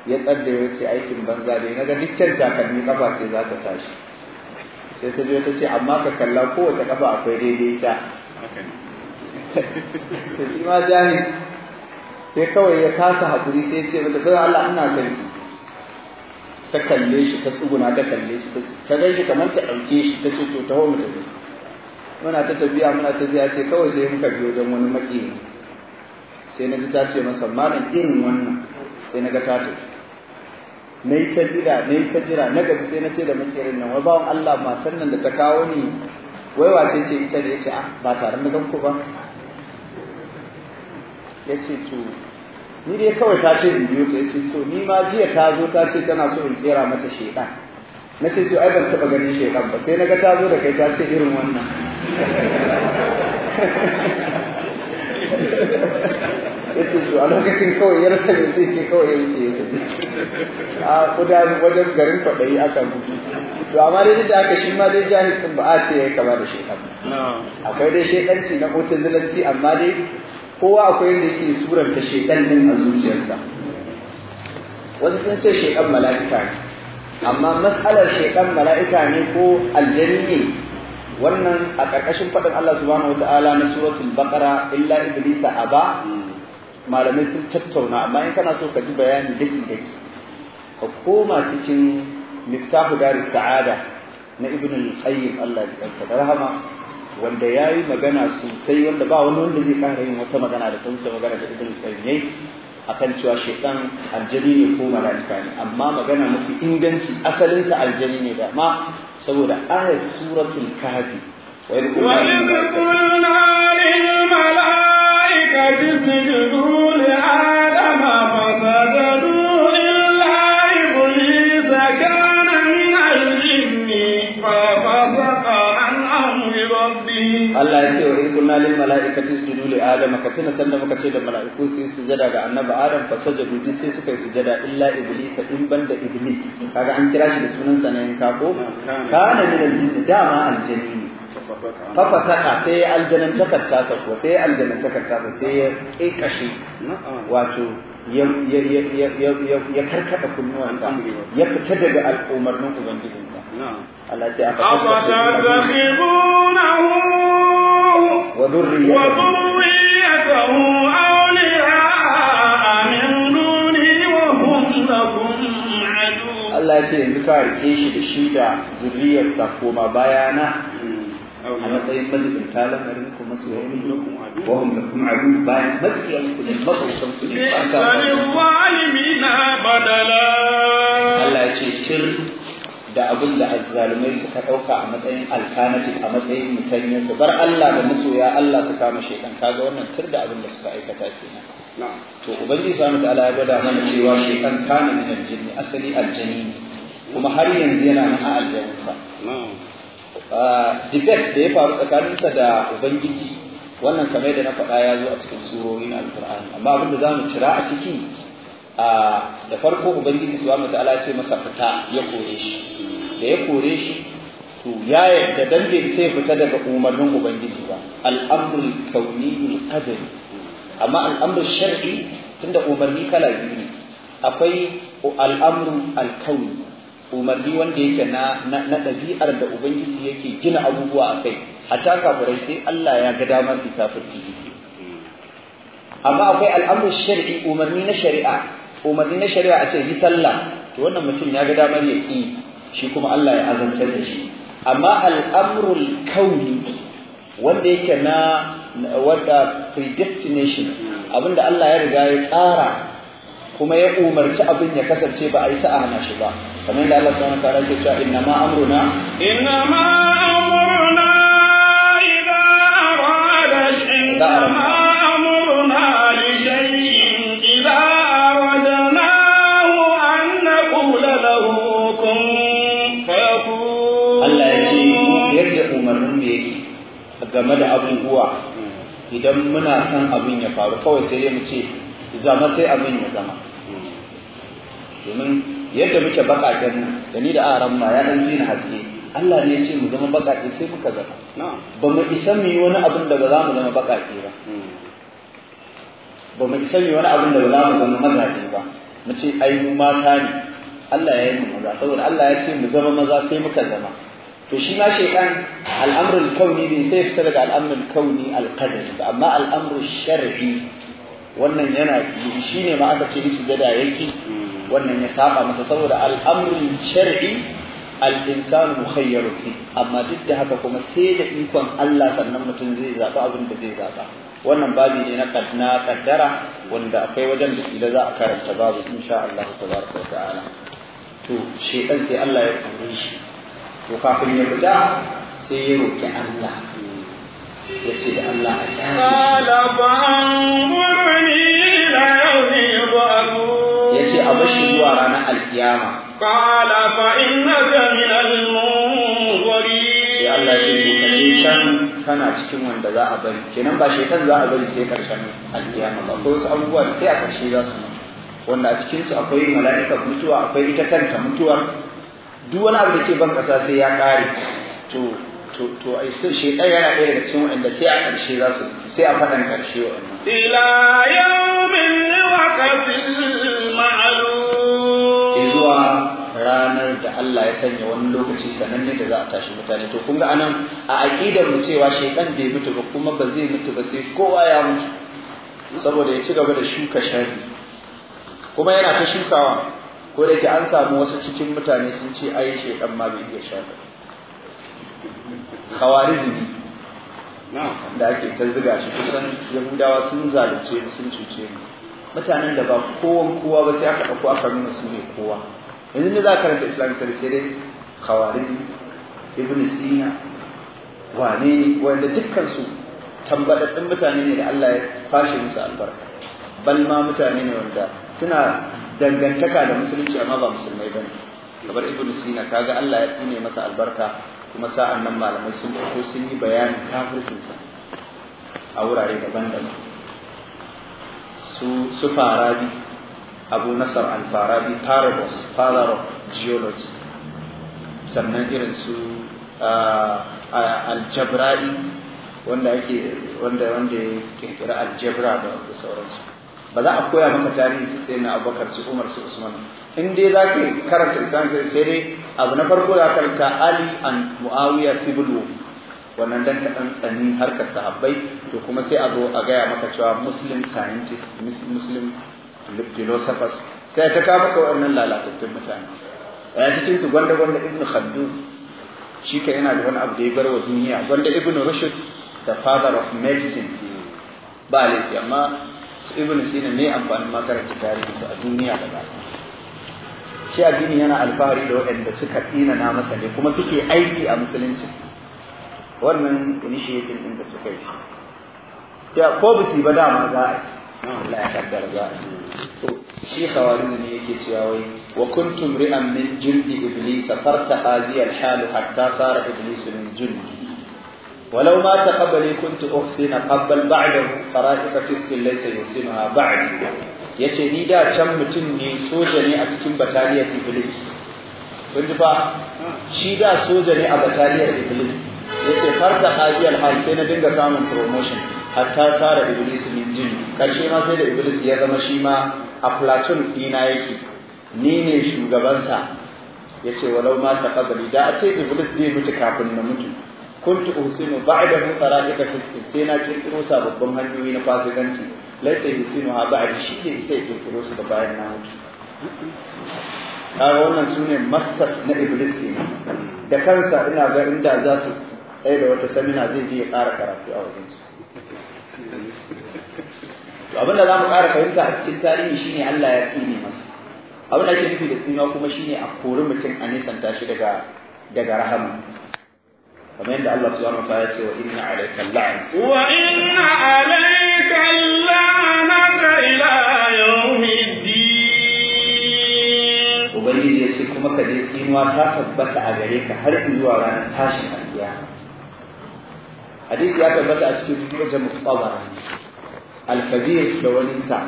ya tsadda ya ce aikin banza dai naga duk can takalmi kafa ce za ta tashi sai ta je ta ce amma ka kalla kowace kafa akwai daidai ta sai ma jahil sai kawai ya kasa hakuri sai ce mata zai Allah ina sarki ta kalle shi ta tsuguna ta kalle shi ta gan shi kamar ta ɗauke shi ta ce to taho mu tafi muna ta tafiya muna ta biya ce kawai sai muka biyo wajen wani maƙiyi sai na ji ta ce masa malam irin wannan sai na ga ta tafi na yi ta jira na yi ta jira na gaske sai na ce da makerin nan wai bawon Allah matan nan da ta kawo ni wai wace ce ita ne a ah, ba tare na ganku ba ya ce to ni dai kawai ta ce in biyo ta ya ce to ni ma jiya ta zo ta ce tana so in kera mata sheɗa na ce to ai ban taɓa ganin sheɗan ba sai naga ta zo da kai ta ce irin wannan yake to a lokacin kawai ya rasa ne zai ce kawai ya wuce ya tafi a kudan wajen garin kwaɗayi aka gudu to amma dai da aka shi ma dai jahil sun ba a ce ya kama da shekaru akwai dai shekanci na hutun zilanci amma dai kowa akwai yadda yake suranta shekan din a zuciyarsa wasu sun ce shekan mala'ika ne amma mas'alar shekan mala'ika ne ko aljani ne wannan a ƙarƙashin faɗin Allah subhanahu wa ta'ala na suratul baqara illa iblisa aba malamai sun tattauna amma in kana so ka ji bayani da ke ka koma cikin miftahu daris sa'ada na ibn al-qayyim Allah ya kansa rahama wanda yayi magana sosai wanda ba wani wanda zai kara yin wata magana da ta magana da ibn al-qayyim ne akan cewa shaytan aljani ne ko mala'ika ne amma magana mafi inganci asalin ta aljani ne da ma saboda ayat suratul kahfi wa yaquluna lil mala'ika Allah ya ce wa in kunna lil mala'ikati isjudu li adama ka tuna sanda muka ce da mala'iku su yi sujada ga annabi adam fa sajadu duk sai suka yi sujada illa iblis in banda iblis kaga an kira shi da sunan sa na yanka ko kana da al dama al fafataha sai aljanantakar ta sako sai aljanan ta sako sai ya kekashe wato ya karkata kunnuwan sa ya fita daga al'umarnin ubangijinsa Allah ce aka fatakhidunahu wa dhurriyyatahu awliya min dunihi wa hum lakum adu Allah ce yanzu ka rike shi da shi da zuriyarsa koma bayana أولياء مذهب الثالث منكم مسلمون وهم لكم عبود باين مذهب يسكن المطر وسمسكن إن الظالمين بدلا ألا يشير دا أبن دا الظالمين ستتوقع مثلا الكانة الأمسين مثلا سبر الله بمسو يا الله سكام شيطان كذا ونن تر دا أبن لسفائي كتاسينا نعم تو أبن دي سوامت على أبدا من الجيوى شيطان كان من الجن أسلي الجنين ومحاري ينزينا مع الجنين نعم Ah, dibet da ya faru tsakaninsa da ubangiji wannan kamar da na faɗa ya zo a cikin surorin alkur'ani amma abinda za mu cira a ciki ah, da farko ubangiji mata ala ce masa fita ya kore shi da ya kore shi to ya yadda dan bai sai fita daga umarnin ubangiji ba al'amrul kauni qadari amma al'amrul shar'i tunda umarni kala biyu ne akwai al'amrul kauni umarni wanda yake na na ɗabi'ar da ubangiji yake gina abubuwa a kai taka burai sai Allah ya ga damar su ciki amma akwai al'amur shar'i umarni na shari'a umarni na shari'a a ce yi sallah to wannan mutum ya ga damar ya ki shi kuma Allah ya azantar da shi amma al'amrul kauni wanda yake na wadda predestination abinda Allah ya riga ya tsara kuma ya umarci abin ya kasance ba a yi sa'a na shi ba kamar da Allah subhanahu wa ta'ala ke cewa inna ma amruna inna ma amruna idza arada inna ma amruna li shay'in idza aradnahu an naqula lahu kun fayaku Allah ya ce yadda umarnin da yake game da abubuwa idan muna son abin ya faru kawai sai dai mu ce zama sai abin ya zama domin yadda muke bakaken nan da ni da aran ma ya dan na haske Allah ne ya ce mu zama bakake sai muka zama ba mu isa mu yi wani abin da ba za mu zama bakake ba hmm. ba mu isa mu yi wani abin da ba za mu zama mazaje ba mu ce ai mu mata ne Allah ya yi mu maza saboda Allah ya ce mu zama maza sai muka zama to shi ma shaytan al'amrul kauni ne sai fita daga al'amrul kauni al amma al'amrul shar'i wannan yana shi ne ma aka ce su gada yake hmm. wannan ya saba masa saboda al'amrin shar'i al'insanu mukhayyaru fi amma duk da haka kuma sai da ikon Allah sannan mutum zai zaɓi abin da zai zaɓa wannan babi ne na kadna kaddara wanda akwai wajen da kila za a karanta babu insha Allah tabaraka wa ta'ala to shedan sai Allah ya kore shi to kafin ya fita sai ya roki Allah ya ce da Allah a kyale zuwa ranar alkiyama qala fa ka min al-munzirin Allah shi ne kai can kana cikin wanda za a bari kenan ba shekan za a bari sai karshen alkiyama ba ko wasu abubuwa sai a karshe za su mutu wanda a cikin su akwai mala'ika mutuwa akwai ita kanta mutuwa duk wani abu da ke ban kasa sai ya kare to to to ai sai shekan yana ɗaya daga cikin wanda sai a karshe za su sai a faɗan karshe wa'annan ila yawmin waqtil ma'lum ranar da Allah ya sanya wani lokaci sananne da za a tashi mutane to kun ga anan a aqidar mu cewa shaytan bai mutu ba kuma ba zai mutu ba sai kowa ya mutu saboda ya ci gaba da shuka shari kuma yana ta shukawa ko da ke an samu wasu cikin mutane sun ce ai shaytan ma bai iya shaka khawarizmi da ake ta ziga shi kusan yahudawa sun zalunce sun cuce mutanen da ba kowan kowa ba sai aka ɗauko aka nuna su ne kowa yanzu ne za ka karanta islamic studies sai dai khawarij ibn sina wane ne wanda dukkan su tambadaddun mutane ne da Allah ya fashe musu albarka bal ma mutane ne wanda suna dangantaka da musulunci amma ba musulmai bane kamar ibn sina kaga Allah ya tsine masa albarka kuma sa'an nan malamai sun fito sun yi bayani kafircinsa a wurare daban-daban su su farabi abu nasar alfarabi parabos father of geology sannan irin su ah, ah, Al-Jabra'i, wanda ake wanda wanda ya kirkira aljabra da sauransu ba za a koya maka tarihi sai na abubakar su umar su usman in dai za ka karanta islam sai dai abu na farko za karanta ali and muawiya civil wannan dan kaɗan tsani harkar sahabbai to kuma sai a zo a gaya maka cewa muslim scientist muslim safas sai ta kawo ka waɗannan lalatattun mutane a cikin su gwanda gwanda ibnu khaldun shi ka yana da wani abu da ya bar wa duniya gwanda ibnu rashid the father of medicine ba laifi amma su ibnu sina ne amfanin makaranta tarihi su a duniya da ba shi addini yana alfahari da waɗanda suka tsina na masa ne kuma suke aiki a musulunci wannan initiative din da suka yi ya ko yi ba dama za a yi shi ne yake cewa wai wa kuntum ri'an min jundi iblis farta hazi al hatta sara iblis min jundi yace ni da can mutum ne soja ne a cikin bataliyar iblis kun ji fa shi da soja ne a bataliyar iblis yace farka hadiyal hal sai na dinga samun promotion hatta sara iblis min jini karshe ma sai da iblis ya zama shi ma a platon dina yake ni ne shugabansa yace walau ma ta kabali da a ce iblis zai mutu kafin na mutu kuntu usinu ba'dahu taraika fi sai na kirkiro sababbin hanyoyi na fasikanci laita yusinu ha ba'da shi ne sai kirkiro su da bayan na mutu kaga wannan sune masters na iblis ne da kansa ina ga inda za su Sai da wata samina zai je ya ƙara karatu a wajen su abin da za mu ƙara fahimta a cikin tarihi shine Allah ya tsine masa abin da ake nufi da tsina kuma shine a kori mutum a nisanta shi daga daga rahama kamar yadda Allah subhanahu wa ta'ala ya ce wa inna alayka wa inna alayka la'anata ila yawmiddin ubangiji ya ce kuma ka je tsinuwa ta tabbata a gare ka har zuwa ranar tashin alkiyama hadisi ya tabbata a cikin wajen muqtabara al-kabir da wani sa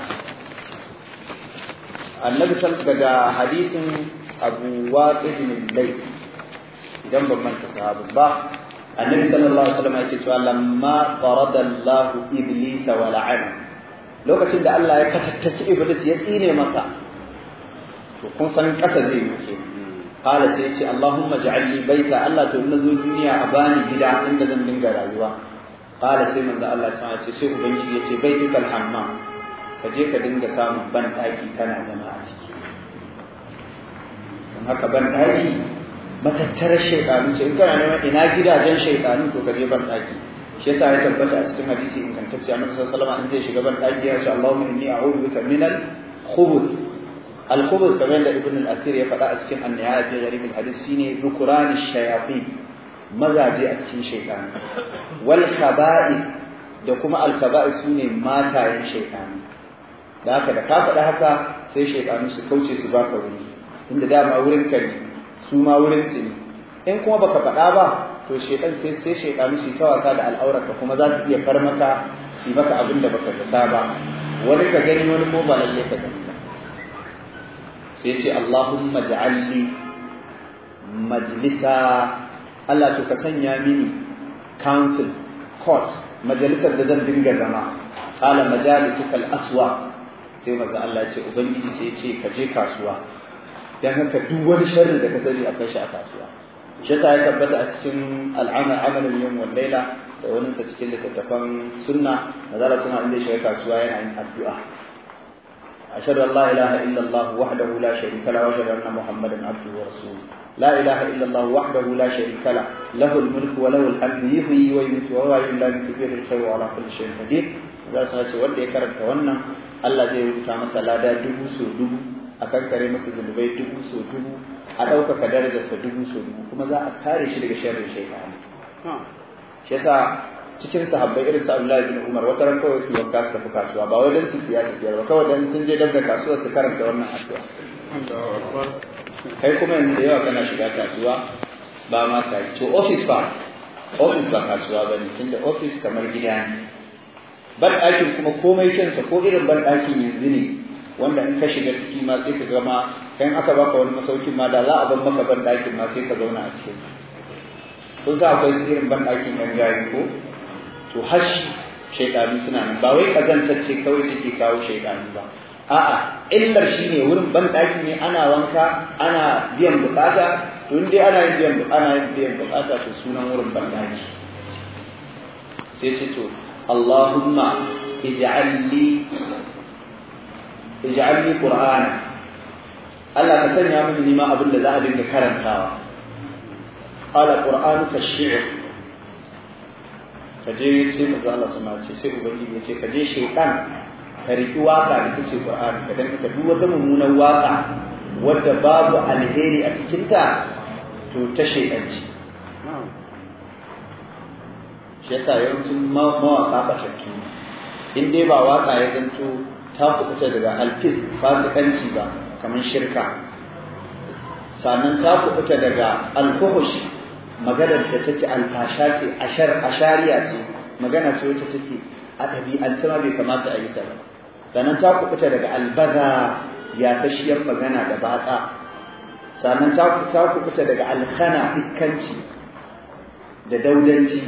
annabi daga hadisin abu waqid bin lay idan ban manta sahabu ba annabi sallallahu alaihi wasallam yake cewa lamma farada Allah iblis wa la'ana lokacin da Allah ya katattaci iblis ya tsine masa to kun san kasa zai yi kenan qala sai ce allahumma ja'alni baita allah to na zo duniya a bani gida inda zan dinga rayuwa qala sai manzo allah sai ce sai ubangiji yace baitukal hammam ka je ka dinga samun ban daki kana zama a ciki don haka ban daki matattarar shaytanu ce in kana neman ina gidajen shaytanu to ka je ban daki shi yasa ya tabbata a cikin hadisi ingantacce annabi sallallahu alaihi wasallam in zai shiga ban daki ya ce allahumma inni a'udhu bika minal khubuth al-khubuz kamar da ibn al-athir ya faɗa a cikin an-nihaya fi gharib al shine nukuran shayatin mazaje a cikin shaytan wal khaba'i da kuma al sune matayen shaytan da haka da ka faɗa haka sai shaytanu su kauce su wuri inda dama wurin ka ne su ma wurin su ne in kuma baka faɗa ba to shaytan sai sai shaytanu shi ta wasa da al'aurarka kuma za su iya far maka su maka abin da baka faɗa ba wani ka gani wani ko ba lalle ka gani sai ce Allahumma ja'alni Majalisa Allah to ka sanya mini council court majalisar da zan dinga zama Majalisu kal aswa sai maza Allah ce ubangiji sai ce ka je kasuwa dan haka duk wani sharri da ka sani akwai shi a kasuwa shi ya tabbata a cikin al'amal amalin yawm wal laila da wani sa cikin littattafan sunna maza suna inda shi kasuwa yana yin addu'a أشهد أن لا إله إلا الله وحده لا شريك له وأشهد أن محمدا عبده ورسوله لا إله إلا الله وحده لا شريك له له الملك وله الحمد يحيي ويميت وهو على الخير وعلى كل شيء قدير za su haci wanda ya karanta wannan Allah zai rubuta masa lada dubu so dubu a kankare masa zunubai dubu so dubu a ɗaukaka darajarsa dubu so dubu kuma za a kare shi daga sharrin shaitan shi yasa cikin sahabbai irin sa Abdullahi bin Umar wata ran kawai su wanka su tafi kasuwa ba wai dan su siya su ba kawai dan sun je daga kasuwa su karanta wannan addu'a kai kuma yanzu da yawa kana shiga kasuwa ba ma ka to office ba office ba kasuwa ba ne tunda office kamar gida ne ban ɗakin kuma komai sa, ko irin ban ɗakin yanzu ne wanda in ka shiga ciki ma sai ka gama kan aka baka wani masaukin ma da za a ban maka ban ɗakin ma sai ka zauna a cikin kun sa akwai su irin ban ɗakin ɗan gari ko to hashi shaidanu suna nan ba wai kazantacce kawai take kawo shaidanu ba a'a illar shine wurin ban daki ne ana wanka ana biyan bukata to in dai ana yin biyan ana yin biyan bukata to sunan wurin ban daki sai ce to Allahumma ij'al li qur'ana Allah ka sanya mini nima abin da za a dinga karantawa qala qur'anuka shi'r ka je sai manzo Allah sama ce sai ubangiji ya ce ka je shaytan ka riki waka da ce Qur'ani ka ka duba wata mummunan waka wadda babu alheri a cikin ta to ta shaytanci shi yasa yawancin mawaka batattu in dai ba waka ya zanto ta kubuta daga alfis kanci ba kamar shirka sannan ta kubuta daga alfuhushi maganar da take alfasha ce ashar ashariya ce magana ce wacce take a ɗabi'ance ma bai kamata a yi ta ba sannan ta kubuta daga albaza ya tashiyar magana da batsa sannan ta kubuta daga alkhana ikkanci da daudanci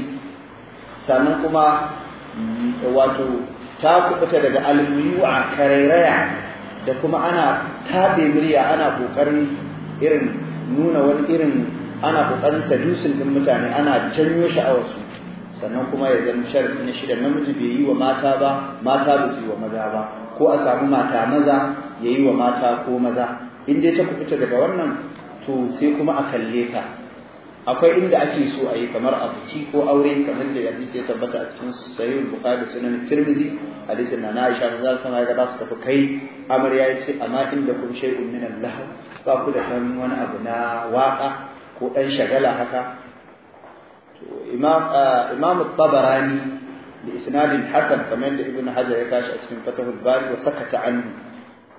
sannan kuma mm, wato ta kubuta daga a karairaya da kuma ana tabe murya ana kokarin irin nuna wani irin ana kokarin sadusin din mutane ana janyo sha'awarsu sannan kuma ya zama sharadi na shida namiji bai yi wa mata ba mata ba su yi wa maza ba ko a samu mata maza ya yi wa mata ko maza in dai ta kuɓuta daga wannan to sai kuma a kalle ta akwai inda ake so a yi kamar a biki ko aure kamar da hadisi ya tabbata a cikin sayi bukhari sunan tirmidhi hadisin na aisha ta sama ya ga su tafi kai amarya ya ce amma inda kun shay'un min allah ba ku da wani abu na waka ko ɗan shagala haka imam tabarani da isnadin hasan kamar da ibn hajar ya kashi a cikin fatahul bari wa sakata anhu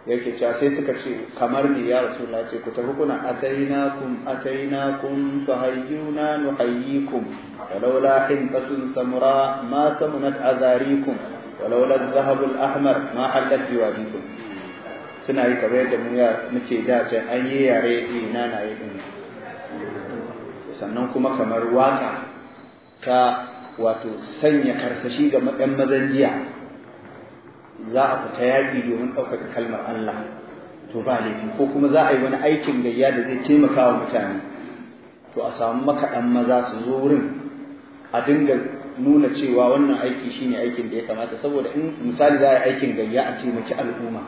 yake cewa sai suka ce kamar ne ya rasulullah ce ku tafi kuna atainakum atainakum fa hayyuna nuhayyikum walaula hinqatun samura ma samunat azarikum walaula adh ahmar ma halat biwadikum suna yi kamar yadda mu muke da ce an yi yare ina eh, na yi sannan kuma kamar waka ka wato sanya karkashi ga ɗan mazan jiya za a fita yaƙi domin ɗaukaka kalmar Allah to ba laifi ko kuma za a yi wani aikin gayya da zai taimaka wa mutane to a samu makaɗan maza su zo wurin a dinga nuna cewa wannan aiki shine aikin da ya kamata saboda in misali za a yi aikin gayya a taimaki al'umma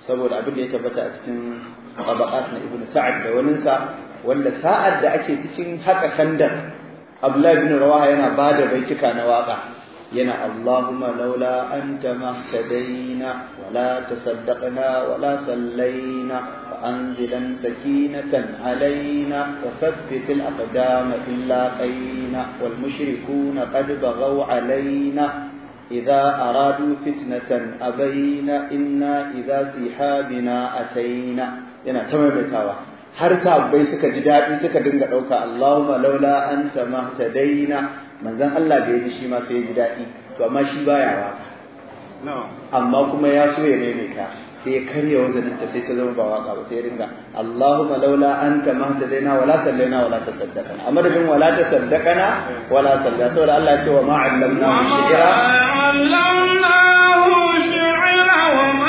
saboda abin da ya tabbata a cikin tabaqat na ibnu sa'ad da waninsa wanda sa'ar da ake cikin haka sandar Abdullahi bin Rawaha yana ba da baitika na waka yana Allahumma laula anta mahtadaina wala tasaddaqna wala sallaina fa anzilan sakinatan alaina wa thabbit al-aqdama illa qaina wal mushrikuna qad baghaw alaina إذا أرادوا فتنة أبينا إنا إذا سحابنا أتينا yana ta maimaitawa har sahabbai suka ji daɗi suka dinga ɗauka Allahumma laula anta mahtadaina manzon Allah da yaji shi ma sai ya ji daɗi to amma shi baya waka amma kuma ya so ya maimaita sai ya karya wannan ta sai ta zama ba waka ba sai ya dinga Allahumma laula anta mahtadaina wala sallaina wala tasaddaqana amma da wala tasaddaqana wala sallaina saboda Allah ya ce wa ma'allamna shi'ra wa ma'allamna shi'ra wa ma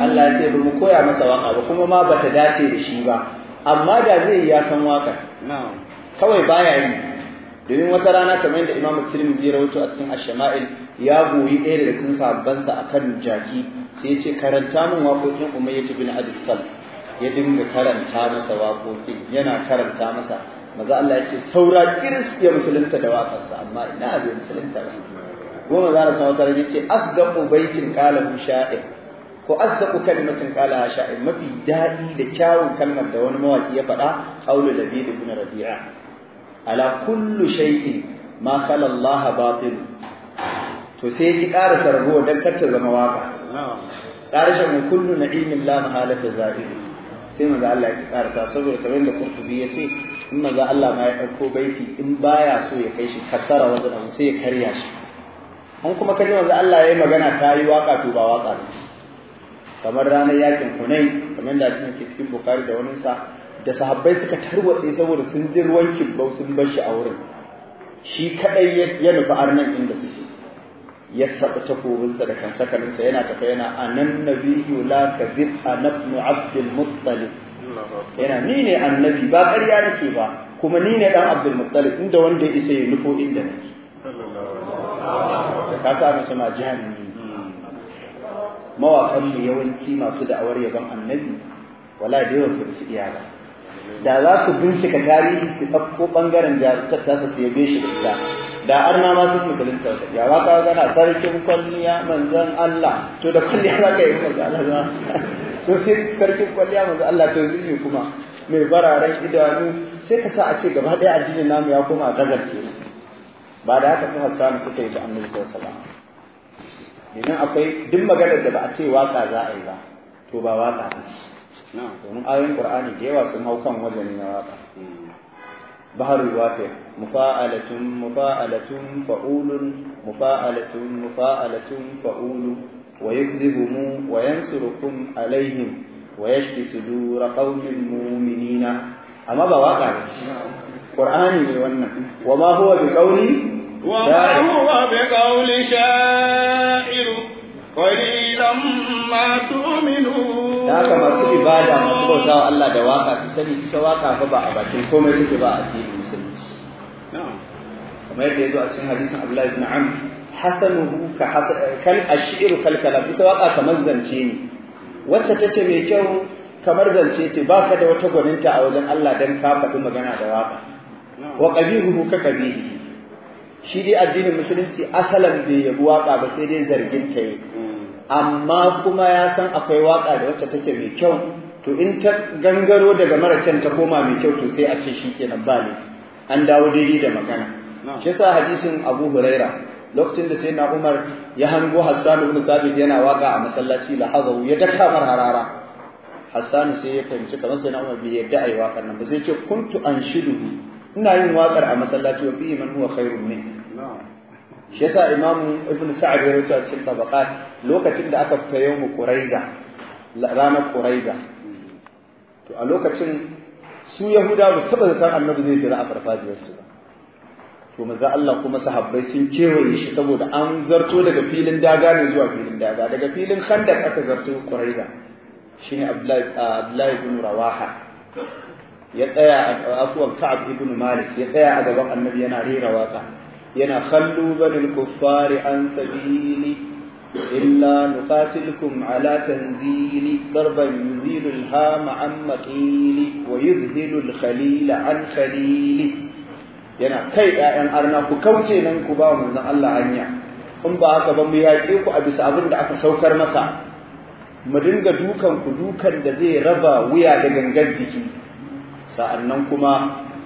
Allah ya ce ba mu koya masa waka ba kuma ma ba ta dace da shi ba amma da zai ya san waka kawai baya yi domin wata rana kamar da Imam Tirmidhi ya rawaito a cikin Ash-Shama'il ya goyi ɗaya daga cikin sahabbansa akan jaki sai ya ce karanta min waƙoƙin Umayyah bin Abi Sal ya dinga karanta masa waƙoƙin yana karanta masa maza Allah ya ce saura kiris ya musulunta da waƙarsa amma ina abin musulunta ba Goma za a ta wata rana ya ce asgabu baitin qalahu sha'ir wa asdaqu kalimatin qala sha'ir mafi daɗi da kyawun kalmar da wani mawaki ya faɗa qawlu labid ibn rabi'a ala kullu shay'in ma khala Allah batil to sai ji ƙara sarbo dan kacce zama waka ƙarashin kullu na'imin la mahalata zahiri sai maza Allah ya sa saboda kamar da Qurtubi ya ce in maza Allah ma ya ɗauko baiti in baya so ya kai shi kasara wanda sai ya karya shi an kuma kaji maza Allah ya yi magana ta yi waka to ba waka ne kamar ranar yakin hunai kamar da cikin cikin bukari da wani sa da sahabbai suka tarwatse saboda sun ji ruwan kibbau sun bar shi a wurin shi kadai ya nufi arnan inda suke ya saba takobinsa da kansakarinsa yana tafa yana anan nabiyyu la kadhib abd al muttalib yana ni ne annabi ba ƙarya nake ba kuma ni ne dan al muttalib inda wanda ya isa ya nufo inda nake da ka sa mu suna jihar mawakan mu yawanci masu da'awar yaban annabi wala da yawan su iya ba da za ku bincika tarihi su ɗauko ɓangaren jarumtar ta su yabe shi da ita da arna ma su su kalinta ta ya waka gana sarkin kwalliya manzon Allah to da kwalliya za ka yi manzon Allah za to sai sarkin kwalliya manzon Allah to zai kuma mai bararen idanu sai ka sa a ce gaba ɗaya addinin namu ya koma a gagar ba da haka su hassanu suka yi da annabi sallallahu alaihi wasallam domin akwai duk maganar da ba a ce waka za a yi ba to ba waka ba domin ayoyin qur'ani da yawa sun hau kan wajen na waka hmm. baharul wafi mufa'alatun mufa'alatun fa'ulun mufa'alatun mufa'alatun Fa'ulun, wa yukdhibumu wa yansurukum alaihim wa yashfi sudura qaumin mu'minina amma ba waka ne qur'ani ne wannan wa ma huwa biqauli وما هو بقول شاعر قليلا ما تؤمنون da haka masu ibada masu bauta wa Allah da waka su sani ita waka fa ba a bakin komai take ba a addinin musulunci kamar yadda ya zo a cikin hadisin Abdullah ibn Amr hasanuhu ka kal ash'iru kal kalam ita waka kamar zance ne wacce take mai kyau kamar zance ce ba ka da wata gwaninta a wajen Allah dan ka faɗi magana da waka wa qabihu ka qabihi shi dai addinin musulunci asalan bai yabi waka ba sai dai zargin ta yi amma kuma ya san akwai waka da wacce take mai kyau to in ta gangaro daga mara can ta koma mai kyau to sai a ce shikenan ba ne an dawo daidai da magana shi yasa hadisin Abu Huraira lokacin da sai na Umar ya hango Hassan ibn Thabit yana waka a masallaci lahazahu ya daka mar harara Hassan sai ya fahimci kamar sai na Umar bai yarda ai wakan nan ba sai ce kuntu shidu. ina yin waƙar a masallaci wa fihi man huwa khairun min shi yasa imam Ibn sa'd ya rawaita cikin tabaqat lokacin da aka fita yawmu quraida ranar quraida to a lokacin su yahuda ba su da san annabi zai jira a farfajiyar su ba to manzo Allah kuma sahabbai sun kewaye shi saboda an zarto daga filin daga ne zuwa filin daga daga filin khandaq aka zarto quraida shine abdullahi abdullahi ibn rawaha ya tsaya a asuwan Ka'ab ibn Malik ya tsaya a gaban Annabi yana rera waka yana khallu banil kuffari an sabili illa nuqatilukum ala tanzili darban yuzilu alhama an maqili wa yuzhilu alkhalila an khalili yana kai 'ya'yan arna ku kauce nan ku ba manzon Allah anya, in ba haka ba mu yaƙe ku a bisa abin da aka saukar maka mu dinga dukan ku dukan da zai raba wuya da gangar jiki sa'annan kuma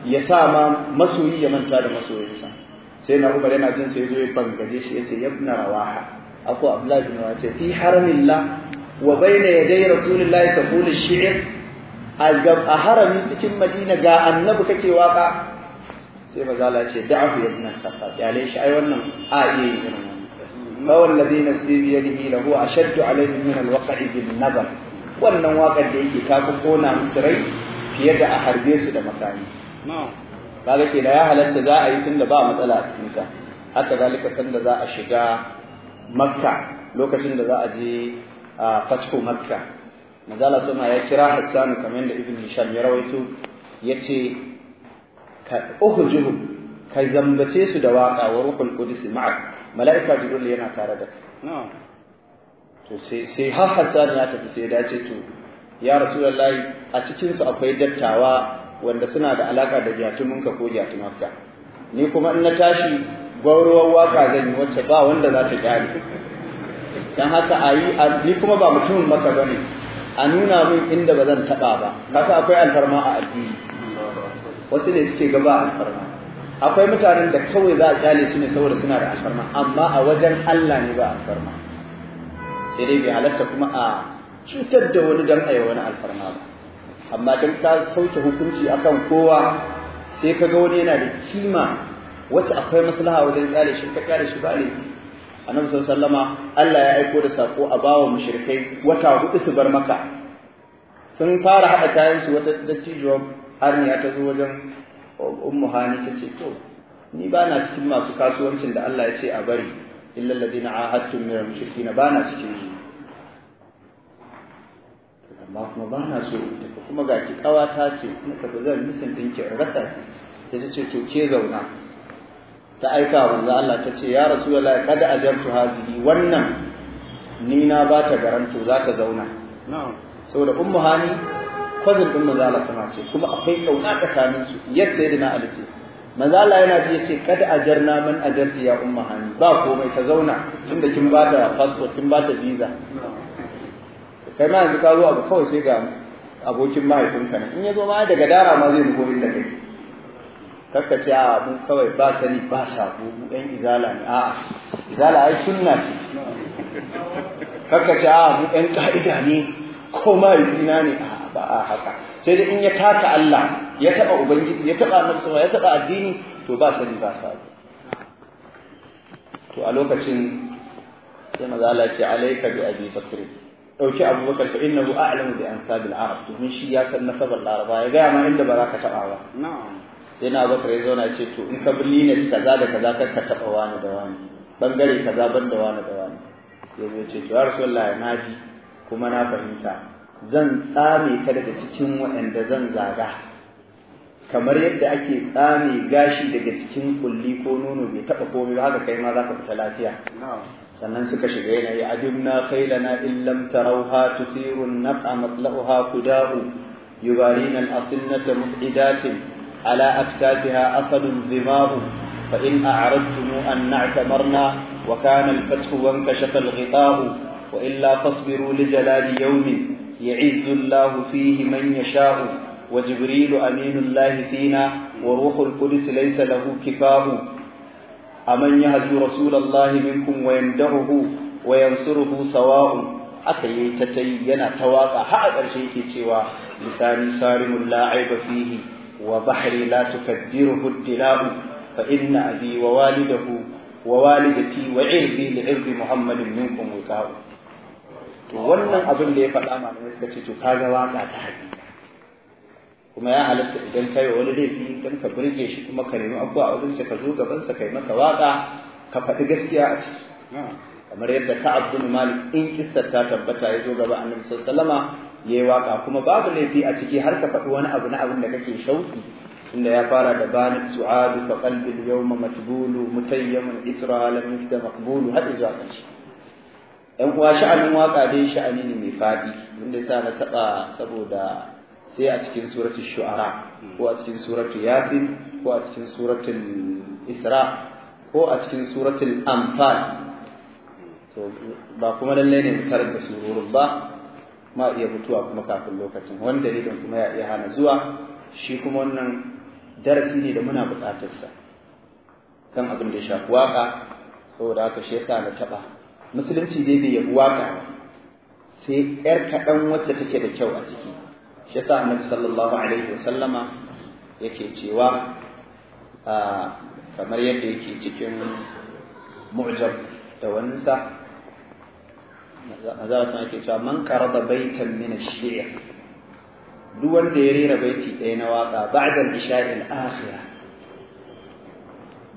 ya sa ma masoyi ya manta da masoyinsa sai na Umar yana jin sai zo ya bangaje shi yace yabna rawaha aku Abdullah bin Rawaha fi haramillah wa bayna yaday rasulillahi taqulu shi'r a harami cikin Madina ga annabi kake waka sai mazala ce da'ahu ya ibn al-Khattab ya lai shi ai wannan a iya yin ma wallazi nafsi bi yadihi lahu ashaddu alayhi min al-waqi bin nazar wannan wakar da yake ta kona musu rai fiye da a harbe su da makami kaga ke da ya halatta za a yi tun da ba matsala a cikin ta haka zalika sanda za a shiga makka lokacin da za a je a fatko makka manzala suna ya kira hassan kamar da ibn hisham ya rawaito yace ka uhujuhu ka zambace su da waka wa ruhul qudus ma'a mala'ika jibril yana tare da kai to sai har hassan ya tafi sai ya dace to ya lallai, a cikin su akwai dattawa wanda suna da alaka da jatumunka ko jatumarka ni kuma in na tashi gwauruwar waka zan yi wacce ba wanda za ta gane dan haka a yi ni kuma ba mutumin maka bane a nuna min inda ba zan taba ba kasa akwai alfarma a addini wasu ne suke gaba alfarma akwai mutanen da kawai za a kyale su ne saboda suna da alfarma amma a wajen Allah ne ba alfarma sai dai bai halatta kuma a cutar da wani dan ayi wani alfarma ba amma don ka sauke hukunci akan kowa sai ka ga wani yana da kima wacce akwai maslaha wajen tsare shi ka kare shi ba ne annabi sallallahu Allah ya aiko da sako a bawa mushrikai wata hudu su bar maka sun fara hada kayan su wata dattijuwar harniya ta zo wajen ummu hani ta ce to ni ba na cikin masu kasuwancin da Allah ya ce a bari illal ladina ahadtum min al-mushrikeena ba na cikin amma kuma ba na so in tafi kuma ga ki ta ce kuma ka zan misin din ki rasa ta ce to ke zauna ta aika manzo Allah ta ce ya rasulullahi kad ajartu hadhihi wannan ni na ba ta garanto za ta zauna saboda ummu hani kwazin din manzo Allah sama ce kuma akwai kauna tsakanin su yadda yadda na alice manzo Allah yana ji yace kad ajarna man ajarti ya ummu hani ba komai ta zauna tunda kin ba ta passport kin ba ta visa kai ma yanzu ka zo abu kawai sai ga abokin mahaifinka na. in ya zo ma daga dara ma zai nuko inda kai karka ce a mu kawai ba sani ba sabo mu ɗan izala ne a izala ai sunna ce karka ce a mu ɗan ƙa'ida ne ko mahaifina ne a ba a haka sai dai in ya taka Allah ya taba ubangiji ya taba annabi ya taba addini to ba sani ba sabo to a lokacin sai maza Allah ce alaika bi abi bakr dauki abubakar fa innahu a'lamu bi al arab domin shi ya san nasabar laraba ya gaya ma inda ba za ka taba ba sai na bakar ya zauna ce to in ka bi lineage kaza da kaza kar ka taba wani da wani bangare kaza ban da wani da wani ya zo ce to ya rasulullahi na ji kuma na fahimta zan tsame ka daga cikin waɗanda zan zaga kamar yadda ake tsame gashi daga cikin kulli ko nono bai taɓa komai ba haka kai ma za ka fita lafiya sannan suka shiga yanayi adibna khailana in lam tarawha tuthiru naf'a matla'uha kuda'u yubarina al-asinnata mus'idatin ala aktafiha asadun zimahu fa in a'radtum an na'tamarna wa kana al-fathu wankashafa al-ghita'u wa illa fasbiru li jalali yawmin يعز الله فيه من يشاء وجبريل أمين الله فينا وروح القدس ليس له كفاه أمن يهدي رسول الله منكم ويمدحه وينصره سواء أكي تتين تواقع حق الشيء سوى لساني صارم لا عيب فيه وبحري لا تكدره الدلاء فإن أبي ووالده ووالدتي وعرضي لعرض محمد منكم وكاء wannan abin da ya faɗa malamai suka ce to kaga waka ta hakika kuma ya halatta idan kai wani laifi dan ka burge shi kuma ka nemi abuwa a wajen ka zo gaban sa kai masa waka ka faɗi gaskiya a ciki kamar yadda Ka'ab bin Malik in kissar ta tabbata ya zo gaba Annabi sallallahu alaihi wasallama yayi waka kuma babu laifi a ciki har ka faɗi wani abu na abin da kake shauki inda ya fara da banit su'adu fa qalbi al-yawma matbulu mutayyamun isra lam yufta maqbulu hadi zuwa ƙarshe ɗan uwa sha'anin waka dai sha'ani ne mai faɗi wanda yasa na saba saboda sai a cikin suratu shu'ara ko a cikin suratu yasin ko a cikin suratul isra ko a cikin suratul anfal to ba kuma lalle ne mutar da sururun ba ma iya mutuwa kuma kafin lokacin wani dalilin kuma ya iya hana zuwa shi kuma wannan darasi ne da muna buƙatarsa kan abin da ya shafi waka saboda haka shi yasa na taɓa musulunci dai bai yabi waka sai 'yar kaɗan wacce take da kyau a ciki shi yasa annabi sallallahu alaihi wasallama yake cewa ah, kamar yadda yake cikin mu'jab da wansa maza sun ake cewa man karada baitan min ash-shi'r duk wanda ya rera baiti ɗaya na waka ba'da al-isha'i al-akhirah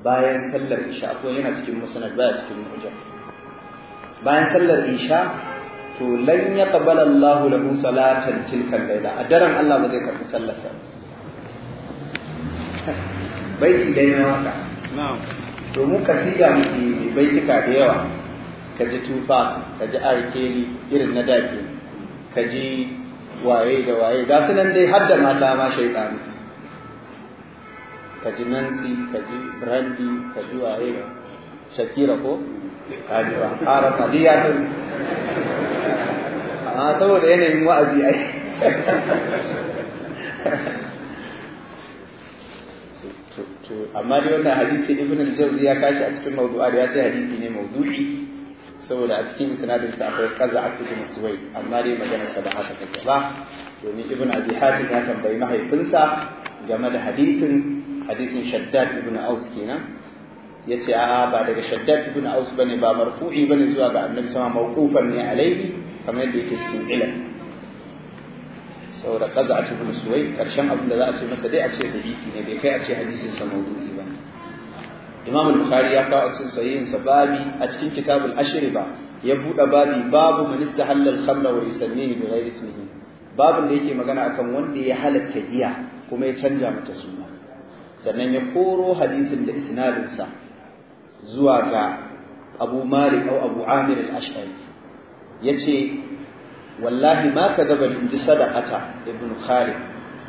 bayan sallar isha ko yana cikin musnad baya cikin mu'jab bayan sallar isha to lan yaqbala Allahu lahu salatan tilka al-laila a daren Allah ba zai karbi sa baiti dai na waka na'am to mu kasida bai baitika da yawa ka ji tufa ka ji arkeli irin na dake ka ji waye da waye ga sunan dai hadda mata ma shaytani ka ji nansi ka ji brandi ka ji waye shakira ko ka ji ba a saboda yanayin wa'azi ai amma dai wannan hadisi ibn al-jawzi ya kashi a cikin mawdu'a da ya ce hadisi ne mawdu'i saboda a cikin sanadin sa akwai kaza a cikin suwai amma dai magana sa ba haka take ba domin ibn abi hatim ya tambayi mahaifinsa game da hadisin hadisin shaddad ibn aus kenan yace a'a ba daga shaddad ibn aus bane ba marfu'i bane zuwa ga annabi sama mawqufan ne alaihi kamar yadda yake cikin ilal saboda kaza a cikin suwai karshen abin da za a ce masa dai a ce da iki ne bai kai a ce hadisin sa mawdu'i ba imam al-bukhari ya kawo a cikin sahihin sa babi a cikin kitabul ba ya buɗe babi babu man istahalla al-khamra wa yusammihi bi ghairi ismihi babin da yake magana akan wanda ya halatta giya kuma ya canja mata suna sannan ya koro hadisin da isnarinsa zuwa ga Abu Malik au Abu Amir al-Ash'ari yace wallahi ma kadaba in ji sadaqata ibn khalid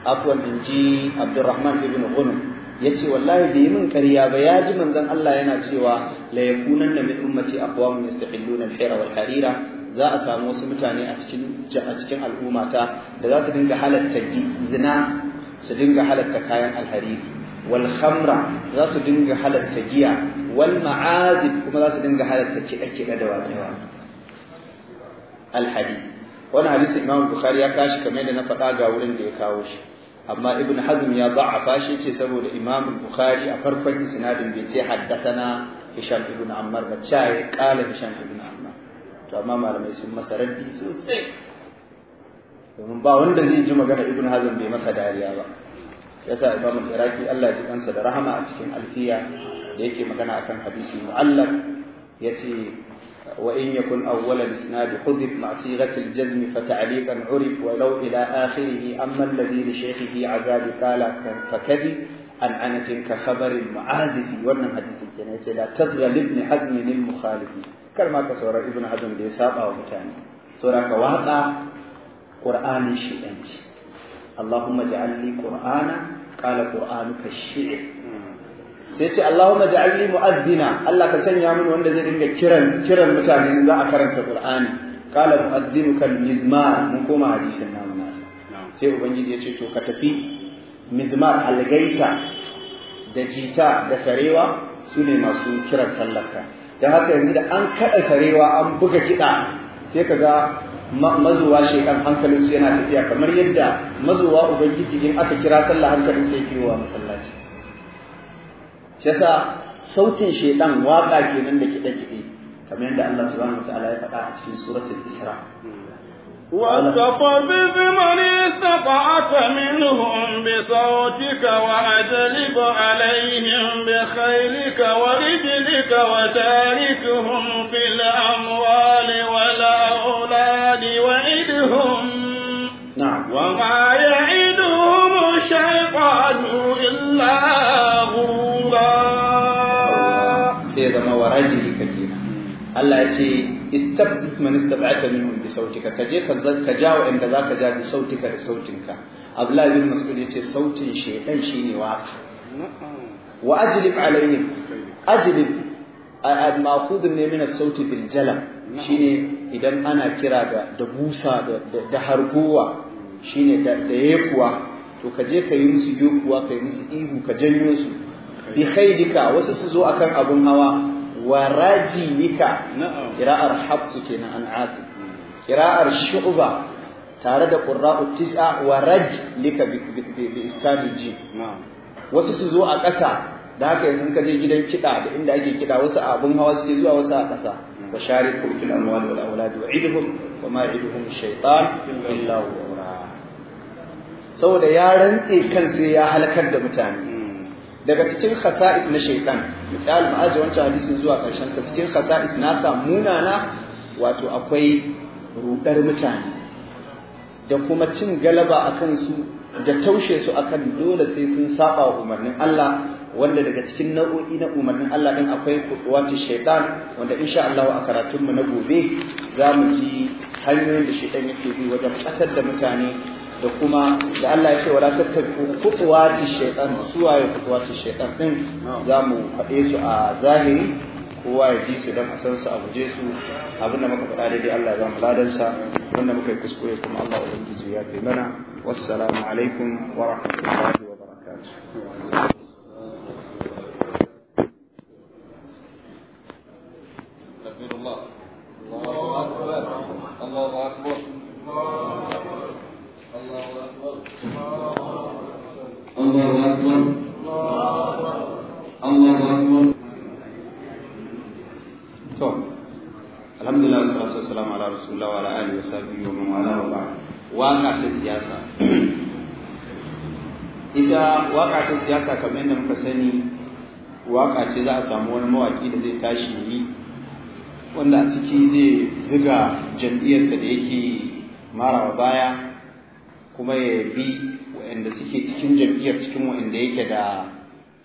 afwan in ji abdurrahman ibn ghunum yace wallahi da yi min kariya ba ya ji manzon Allah yana cewa la na min ummati aqwamun yastahilluna al-hira wal harira za a samu wasu mutane a cikin a cikin al'ummata da za su dinga halatta zina su dinga halatta kayan alhariri wal khamra za su dinga halatta giya wal ma'azib kuma za su dinga halatta kiɗa kiɗa da waƙe alhadi wannan hadisi Imam Bukhari ya kashi kamar yadda na faɗa ga wurin da ya kawo shi amma Ibn Hazm ya a fashe ce saboda Imam Bukhari a farkon sinadin bai ce haddathana Hisham ibn Ammar ba ya kala Hisham ibn Ammar to amma malamai sun masa rabbi sosai domin ba wanda zai ji magana Ibn Hazm bai masa dariya ba yasa Imam Iraki Allah ji kansa da rahama a cikin alfiya da yake magana akan hadisi mu'allaq yace وإن يكن أول الإسناد حذف مع صيغة الجزم فتعليقا عرف ولو إلى آخره أما الذي لشيخه عذاب قال فكذب عن عنة كخبر المعازف وأن حديث لا تصغى لابن حزم للمخالف كما تصور ابن حزم ليسابع ومتاني سورة واقع قرآن الشيئاني اللهم اجعل لي قرآنا قال قرآنك الشعر sai ce Allahumma ja'alni mu'azzina Allah ka sanya mini wanda zai dinga kiran kiran mutane za a karanta Qur'ani qala mu'azzinuka mizmar mun koma hadisin namu nasa sai ubangiji ya ce to ka tafi mizmar algaita da jita da sarewa su ne masu kiran sallarka dan haka yanzu da an kaɗa sarewa an buga kiɗa sai ka ga mazuwa shekan hankalinsu yana tafiya kamar yadda mazuwa ubangiji in aka kira sallah hankalinsu ya a masallaci shi yasa sautin shedan waka kenan da kide kide kamar yadda Allah subhanahu wataala ya faɗa a cikin suratul isra واستقبض من استطعت منهم بصوتك وأجلب عليهم بخيلك ورجلك وشاركهم في الأموال والأولاد وعدهم نعم وما يعدهم الشيطان إلا غرورا Allah ya zama waraji ka kenan Allah ya ce istab isman istab'ata minhum bi sautika kaje ka ka wa inda zaka ja bi sautika da sautinka Abdullah bin Mas'ud yace sautin shaidan shine waka wa ajlib alaihim ajlib al-ma'khudun ne min as-sauti bil jalam shine idan ana kira da da busa da harguwa shine da da yekuwa to ka je ka yi musu yekuwa ka yi musu ihu ka janyo su bi khaydika wasu su zo akan abun hawa wa rajiyika qira'ar hafsu kenan an asim qira'ar shu'ba tare da qurra'u tis'a wa rajlika bi iskanil ji wasu su zo a ƙasa da haka yanzu ka je gidan kiɗa da inda ake kiɗa wasu abun hawa suke zuwa wasu a ƙasa wa shariku fil amwal wal awlad wa idhum wa ma idhum shaytan illa saboda ya rantse sai ya halakar da mutane daga cikin khasa'is na shaytan misal mu aje wancan hadisin zuwa karshen sa cikin khasa'is nasa munana wato akwai rudar mutane da kuma cin galaba akan su da taushe su akan dole sai sun saba wa umarnin Allah wanda daga cikin nau'o'i na umarnin Allah din akwai kuduwati shaytan wanda insha Allah a karatun mu na gobe za mu ji hanyoyin da shaytan yake bi wajen fatar da mutane da kuma da Allah ya ce wala tattaku kutuwati shaytan suwaye kutuwati shaytan din zamu faɗe su a zahiri kowa ya ji su dan a san su a guje su abinda muka faɗa daidai Allah ya zamu ladan sa wanda muka yi kuskure kuma Allah ubangiji ya fi mana wassalamu alaikum wa rahmatullahi wa barakatuh الله الله أكبر الله أكبر waka ta siyasa ita waka ta siyasa kamar yadda muka sani waka ce za a samu wani mawaki da zai tashi yi wanda a ciki zai ziga jam'iyyarsa da yake marawa baya kuma ya bi waɗanda suke cikin jam'iyyar cikin waɗanda yake da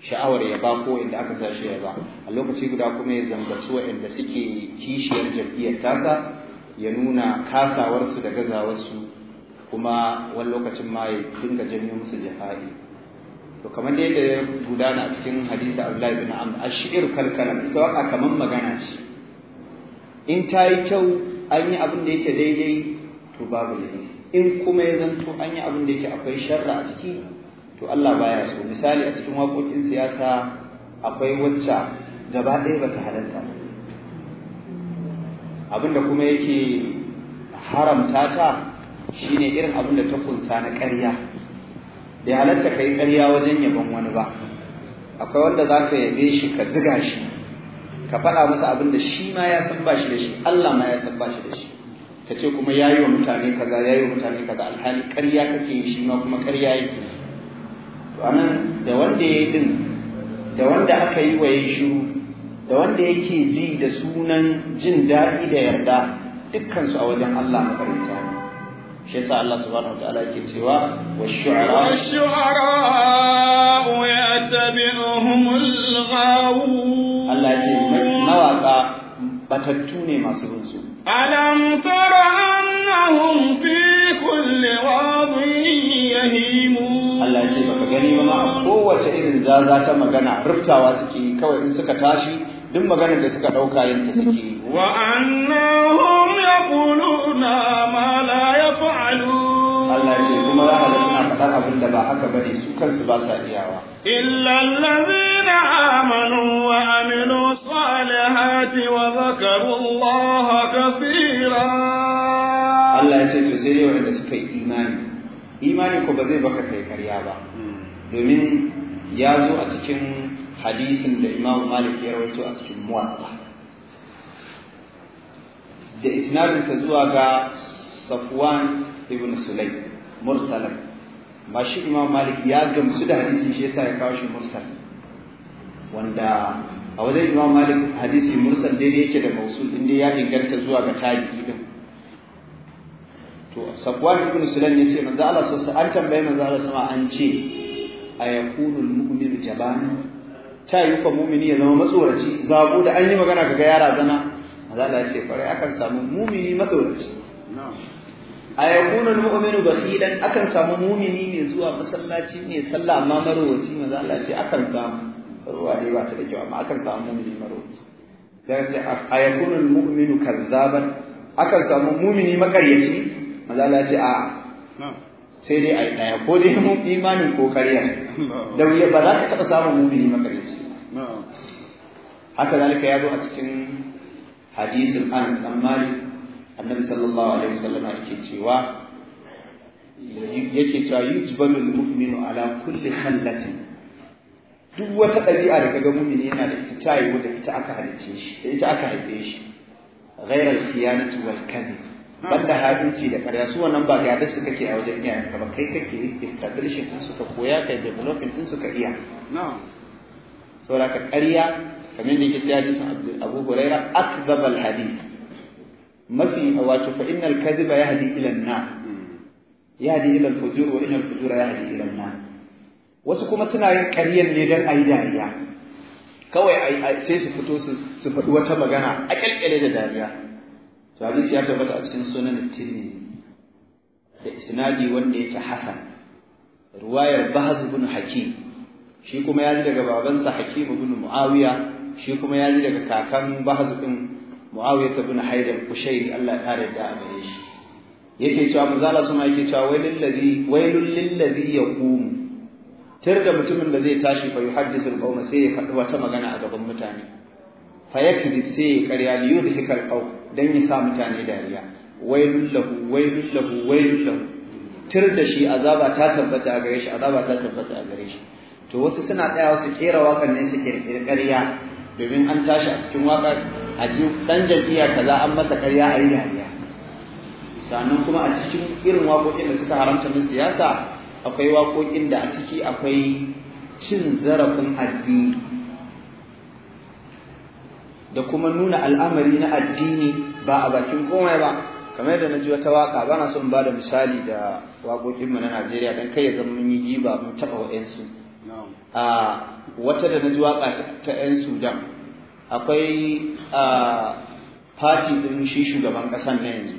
sha'awar ya ba ko waɗanda aka sa shi ya ba a lokaci guda kuma ya zambaci waɗanda suke kishiyar jam'iyyar tasa ya nuna kasawarsu da gazawarsu kuma wani lokacin ma ya dinga janyo musu jihadi to kamar da ya gudana a cikin hadisi Abdullahi bin Amr ash kalkalam ita waka kamar magana ce in ta yi kyau an yi abin da yake daidai to babu laifi in kuma ya zanto an yi abin da yake akwai sharra a ciki to Allah baya so misali a cikin waƙoƙin siyasa akwai wacce gaba ɗaya bata halatta abin da kuma yake haramta ta shine irin abin da ta kunsa na ƙarya ya halatta kai ƙarya wajen yabon wani ba akwai wanda za ka yabe shi ka ziga shi ka faɗa masa abin da shi ma ya san ba shi da shi Allah ma ya san ba shi da shi ka ce kuma yi wa mutane kaza yi wa mutane kaza alhali ƙarya kake yi shi ma kuma ƙarya yake to anan da wanda ya yi din da wanda aka yi wa ya shiru da wanda yake ji da sunan jin daɗi da yarda dukkansu a wajen Allah makaranta ne shi yasa Allah subhanahu wataala yake cewa wa shuara wash-shu'ara yatabi'uhumul ghawu Allah ce mawaka batattu ne masu bin su ألم تر أنهم في كل وضع Allah ya ce baka gani ba ma kowace irin zaza ta magana rubtawa suke kawai in suka tashi duk maganar da suka dauka yin ta suke wa annahum yaquluna ma la yaf'alun Allah ya ce kuma za a faɗar abin da ba haka bane su kansu ba sa iyawa illa amanu wa amilu salihati wa zakaru Allah Allah ya ce to sai dai wanda suka yi imani imani ko ba zai baka kai karya ba domin ya zo a cikin hadisin da Imam Malik ya rawaito a cikin Muwatta da isnadinsa zuwa ga Safwan ibn Sulaim mursalan ba shi imam malik ya gamsu da hadisi shi yasa ya kawo shi mursal wanda a wajen imam malik hadisi mursal daidai yake da mausul inda ya inganta zuwa ga tabi'i din to sabwan ibn sulaiman yace manzo Allah sassa an tambaye manzo Allah sama an ce ayakunu almu'minu Jaban. ta yi ko mu'mini ya zama matsoraci Zabu da an yi magana kaga yara zana Allah ya ce fare akan samu mu'mini matsoraci na'am a yakuna mu'minu basiran akan samu mumini mai zuwa masallaci mai sallah amma marowaci manzo Allah ce akan samu ruwa dai ba ta da kyau amma akan samu mumini marowaci dan ce a yakuna mu'minu kazzaban akan samu mumini makaryaci manzo Allah ce a sai dai ai daya ko dai mu imanin ko kariya da wuya ba za ka taba samu mumini makaryaci haka zalika ya zo a cikin hadisin Anas dan Malik annabi sallallahu alaihi wasallam yake cewa yake cewa yujbalu almu'minu ala kulli khallatin duk wata ɗabi'a da kaga mu'mini yana da ita tayi wanda ita aka halice shi da ita aka haife shi ghayra al-khiyanati wal kadhib banda hadinci da ƙarya su wannan ba ga su kake a wajen iyayenka ba kai kake establishing din suka koya kai developing din suka iya saboda ka ƙarya kamar da yake cewa hadisin Abu Hurairah akdhabal hadith mafi wato fa innal kadhiba yahdi ila an-nar yahdi ila al-fujur wa innal fujura yahdi ila an-nar wasu kuma suna yin ƙaryar ne don a yi dariya kawai sai su fito su faɗi wata magana a kalkale da dariya to hadisi ya tabbata a cikin sunan tirmidhi da isnadi wanda yake hasan ruwayar bahz ibn hakim shi kuma ya ji daga babansa hakim ibn muawiya shi kuma ya ji daga kakan bahz din muawiya ibn haidar kushairi Allah ya kare da a gare shi yake cewa manzo Allah sama yake cewa wailul ladhi wailul lil ladhi yaqum tir da mutumin da zai tashi fa yuhaddisu al-qawma sai ya faɗi wata magana a gaban mutane fa yakdi sai ya karya li yudhika al-qawm dan ya sa mutane dariya Wai lahu wai lahu wai lahu tir da shi azaba ta tabbata a gare shi azaba ta tabbata a gare shi to wasu suna tsayawa wasu kera wakan ne su kirkiri ƙarya domin an tashi a cikin waƙar a ji ɗan jam'iyyar kaza an masa karya a yi dariya sannan kuma a cikin irin wakokin da suka haramta min siyasa akwai waƙoƙin da a ciki akwai cin zarafin addini da kuma nuna al'amari na addini ba a bakin komai ba kamar yadda na ji wata waƙa ba na so ba da misali da waƙoƙinmu na najeriya don kai ya zama mun yi jiba mun taɓa waɗansu wata da na ji waka ta 'yan sudan akwai a fati ɗin shi shugaban ƙasan na yanzu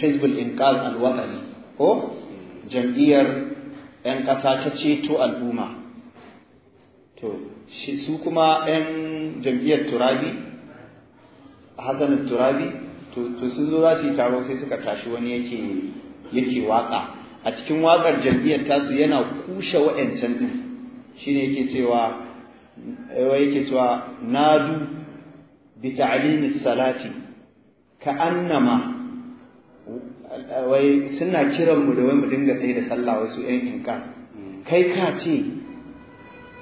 hizbul inqaz al ko jam'iyyar 'yan ƙasa ta ceto al'umma to su kuma 'yan jam'iyyar turabi hasan turabi to sun zo za su yi taro sai suka tashi wani yake yake waka a cikin waƙar jam'iyyar tasu yana kushe wa'ancan ɗin shine yake cewa yake cewa nadu bi ta'limis salati ka annama wai suna kiran mu da wai mu dinga tsaye da sallah wai su ƴan inka kai ka ce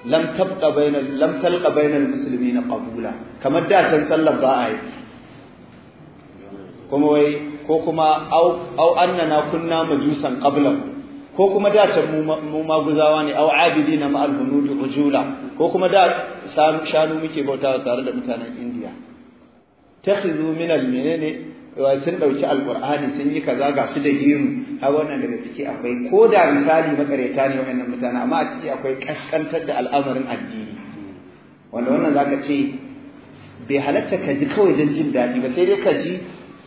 lam tabqa bayna lam talqa bayna muslimina qabula kamar da san sallar ba a yi kuma wai ko kuma au annana kunna majusan qablahu ko kuma da can mu maguzawa ne au abidina ma albunudu ujula ko kuma da shanu muke bauta tare da mutanen India takhizu min almenene wa sun dauki alqur'ani sun yi kaza ga su da jiru a wannan daga ciki akwai ko da misali makareta ne wannan mutane amma a ciki akwai kaskantar da al'amarin addini wanda wannan zaka ce bai halatta ka ji kawai don jin daɗi ba sai dai ka ji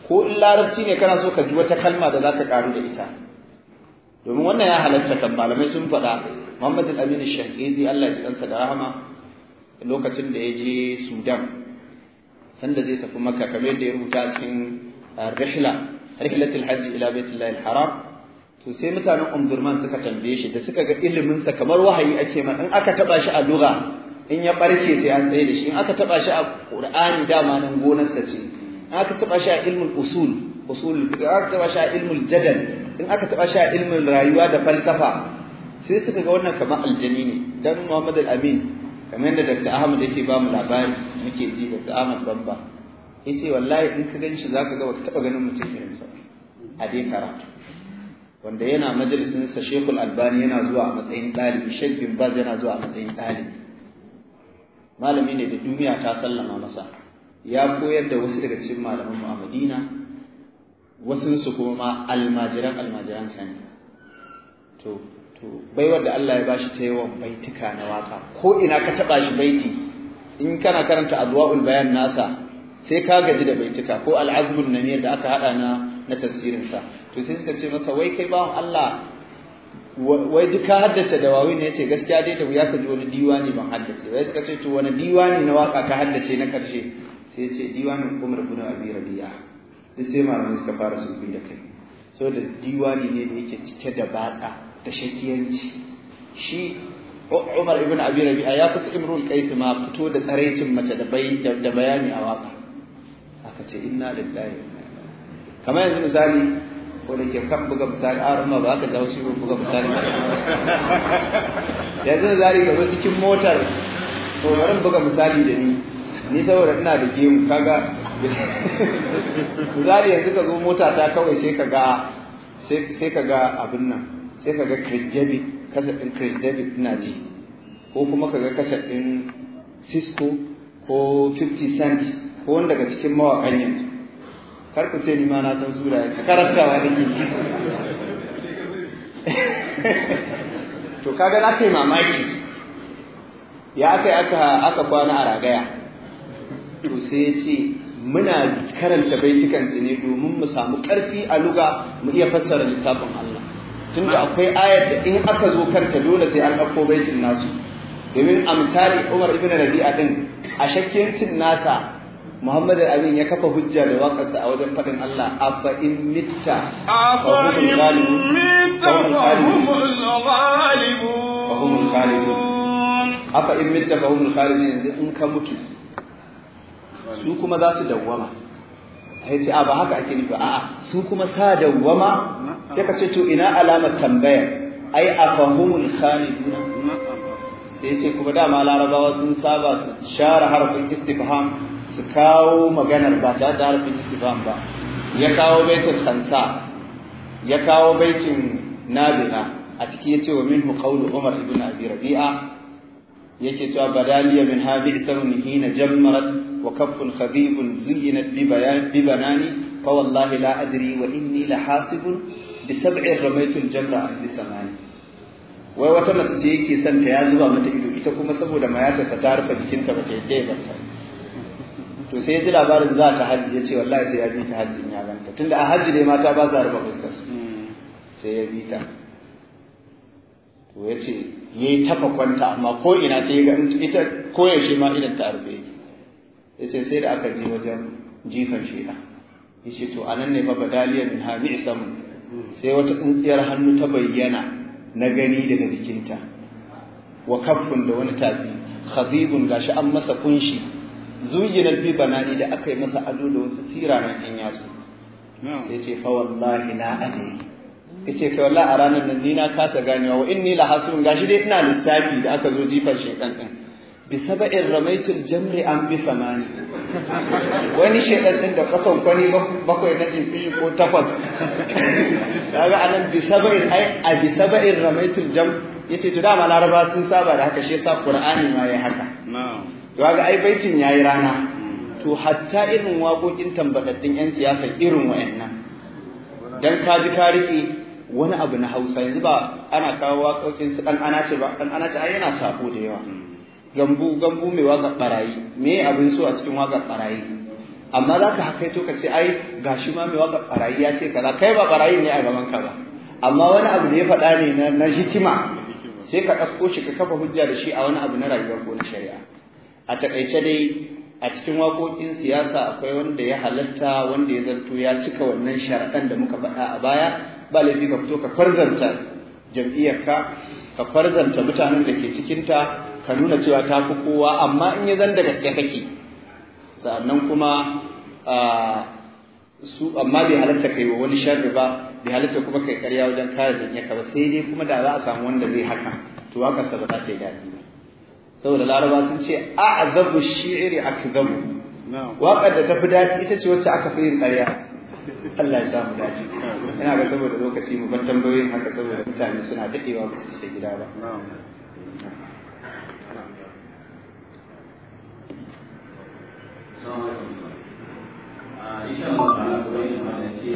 ko in larabci ne kana so ka ji wata kalma da za ka ƙaru da ita domin wannan ya halatta kan malamai sun faɗa Muhammad al-Amin al-Shaqiqi Allah ya kansa da rahama lokacin da ya je Sudan sanda zai tafi Makka kamar da ya rubuta cikin uh, rihla rihlatul hajj ila baitillahi al-haram to sai mutanen Umdurman suka tambaye shi da suka ga ilimin sa kamar wahayi ake ma in aka taba shi a lugha in ya barke sai an tsaye da shi in aka taba shi a Qur'ani dama nan sa ce in aka taba shi a ilmul usul usul aka taba shi a ilmul jadal in aka taba shi a ilmin rayuwa da falsafa sai suka ga wannan kamar aljani ne dan Muhammad al-Amin kamar yadda Dr. Ahmad yake ba mu labari muke ji Dr. Ahmad Bamba yace wallahi in ka ganshi zaka ga baka taba ganin mutum irin sa a dai karatu wanda yana majalisin sa Sheikhul Albani yana zuwa a matsayin dalibi Sheikh Bin yana zuwa a matsayin dalibi malami ne da duniya ta sallama masa ya koyar da wasu daga cikin malaman mu a Madina Wasu kuma ma almajiran almajiran sani to to baiwar da Allah ya bashi ta yawan baituka na waka ko ina ka taba shi baiti in kana karanta azwaul bayan nasa sai ka gaji da baituka ko al'azmun nani da aka hada na na tafsirin sa to sai suka ce masa wai kai bawon Allah wai duk ka haddace da wawi ne yace gaskiya dai da wuya ka ji wani diwani ban haddace wai suka ce to wani diwani na waka ka haddace na karshe sai ya ce diwanin Umar ibn Abi Rabi'a da sai malamai suka fara sulhu da kai saboda diwani ne da yake cike da batsa da shakiyanci shi Umar ibn Abi Rabi'a ya fusa Imrul Qais ma fito da tsaraicin mace da da bayani a waka aka ce inna lillahi kamar yanzu misali ko da ke kan buga misali a ah, rumma ba ka dawo shi buga misali yanzu misali ka zo cikin motar to bari buga misali da ni ni saboda ina da gemu kaga misali yanzu ka zo mota ta kawai sai ka ga sai ka ga abin nan sai ka ga Chris David kasa din Chris David ina ji ko kuma ka ga kasa din Cisco ko 50 cent ko wanda daga cikin mawaƙan yanzu kar ku ce ni ma na san sura ka karantawa nake ji to kaga na kai mamaki ya aka aka aka kwana a ragaya to sai ya ce muna karanta baitukan su ne domin mu samu ƙarfi a luga mu iya fassara littafin Allah tunda akwai ayar da in aka zo karta dole sai an ɗauko baitin nasu domin a misali Umar ibn Rabi'a din a shakkiyancin nasa Muhammad Amin ya kafa hujja da waƙarsa a wajen faɗin Allah afa in mitta afa in mitta fa yanzu in ka mutu su kuma za su dawwama sai ce a ba haka ake nufi a'a su kuma sa dawwama sai ka ce to ina alamar tambayar ai afahumul Sani? sai ce kuma dama larabawa sun saba su share harafin istifham su kawo maganar ba ta da harafin istifham ba ya kawo baitin sansa ya kawo baitin nabina a ciki ya ce wa minhu qawlu umar ibn abi rabi'a yake cewa badaliya min hadhihi sarun hina jammarat وكف خبيب زينت ببناني فوالله لا أدري وإني لحاسب بسبع رميت الجمرة بثماني wai wata mace ce yake son ta ya zuba mata ido ita kuma to sai ya ji labarin za ta hajji ya ce wallahi sai ya bi ta hajji ya ganta tunda a hajji dai mata ba za rufe fuskar sai ya bi ta to ya ce ya yi tafa kwanta amma ko ina sai ya ga ita ko yaushe ma idan ta arbe yake ce sai da aka je wajen jifan shida ce to anan ne babadaliya min hami isamu sai wata tsuntsiyar hannu ta bayyana na gani daga jikinta wa kaffun da wani tafi khabibun gashi an masa kunshi na fi banani da aka yi masa ado da wasu siraran ɗan yasu sai ce fa wallahi na adai ce kai wallahi a ranar nan ni kasa ganewa wa inni la hasun gashi dai ina lissafi da aka zo jifan shekan ɗin bisaba'in ramaitul jamri an bi samani wani shedan din da kasan kwani bakwai na fishi ko takwas kaga anan bisaba'in ai a bisaba'in ramaitul jam yace to dama laraba sun saba da haka shi yasa qur'ani ma yayi haka to kaga ai baitin yayi rana to hatta irin wakokin tambadaddin yan siyasa irin wayannan dan ka ji ka rike wani abu na Hausa yanzu ba ana kawo waƙoƙin su dan ana ce ba dan ana ce ai yana sako da yawa hmm. gambu gambu mai waƙar ɓarayi me abin so a cikin waƙar ɓarayi amma za ka haka to ka ce ai gashi ma mai waƙar ɓarayi ya ce kaza kai ba ɓarayi ne a gaban ka ba amma wani abu da ya faɗa ne na hikima sai ka ɗauko shi ka kafa hujja da shi a wani abu na rayuwar ko na shari'a a taƙaice dai a cikin waƙoƙin siyasa akwai wanda ya halatta wanda ya zarto ya cika wannan sharaɗan da muka faɗa a baya ba laifi ka fito ka farzanta jam'iyyarka ka farzanta mutanen da ke cikinta ka nuna cewa ta fi kowa amma in ya zan da gaske kake sannan kuma su amma bai halatta kai wa wani sharri ba bai halatta kuma kai karya wajen kare jinya ka ba sai dai kuma da za a samu wanda zai haka to haka sa ba za ta yi daɗi ba saboda laraba sun ce a'zabu shi'ri zabu, waƙar da ta fi daɗi ita ce wacce aka fi yin karya Allah ya sa mu dace ina ga saboda lokaci mu ban tambayoyin haka saboda mutane suna daɗewa ba su sai gida ba 商会工作，啊，一项我讲了，国营方面，即，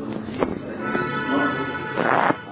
我们新时代的什么？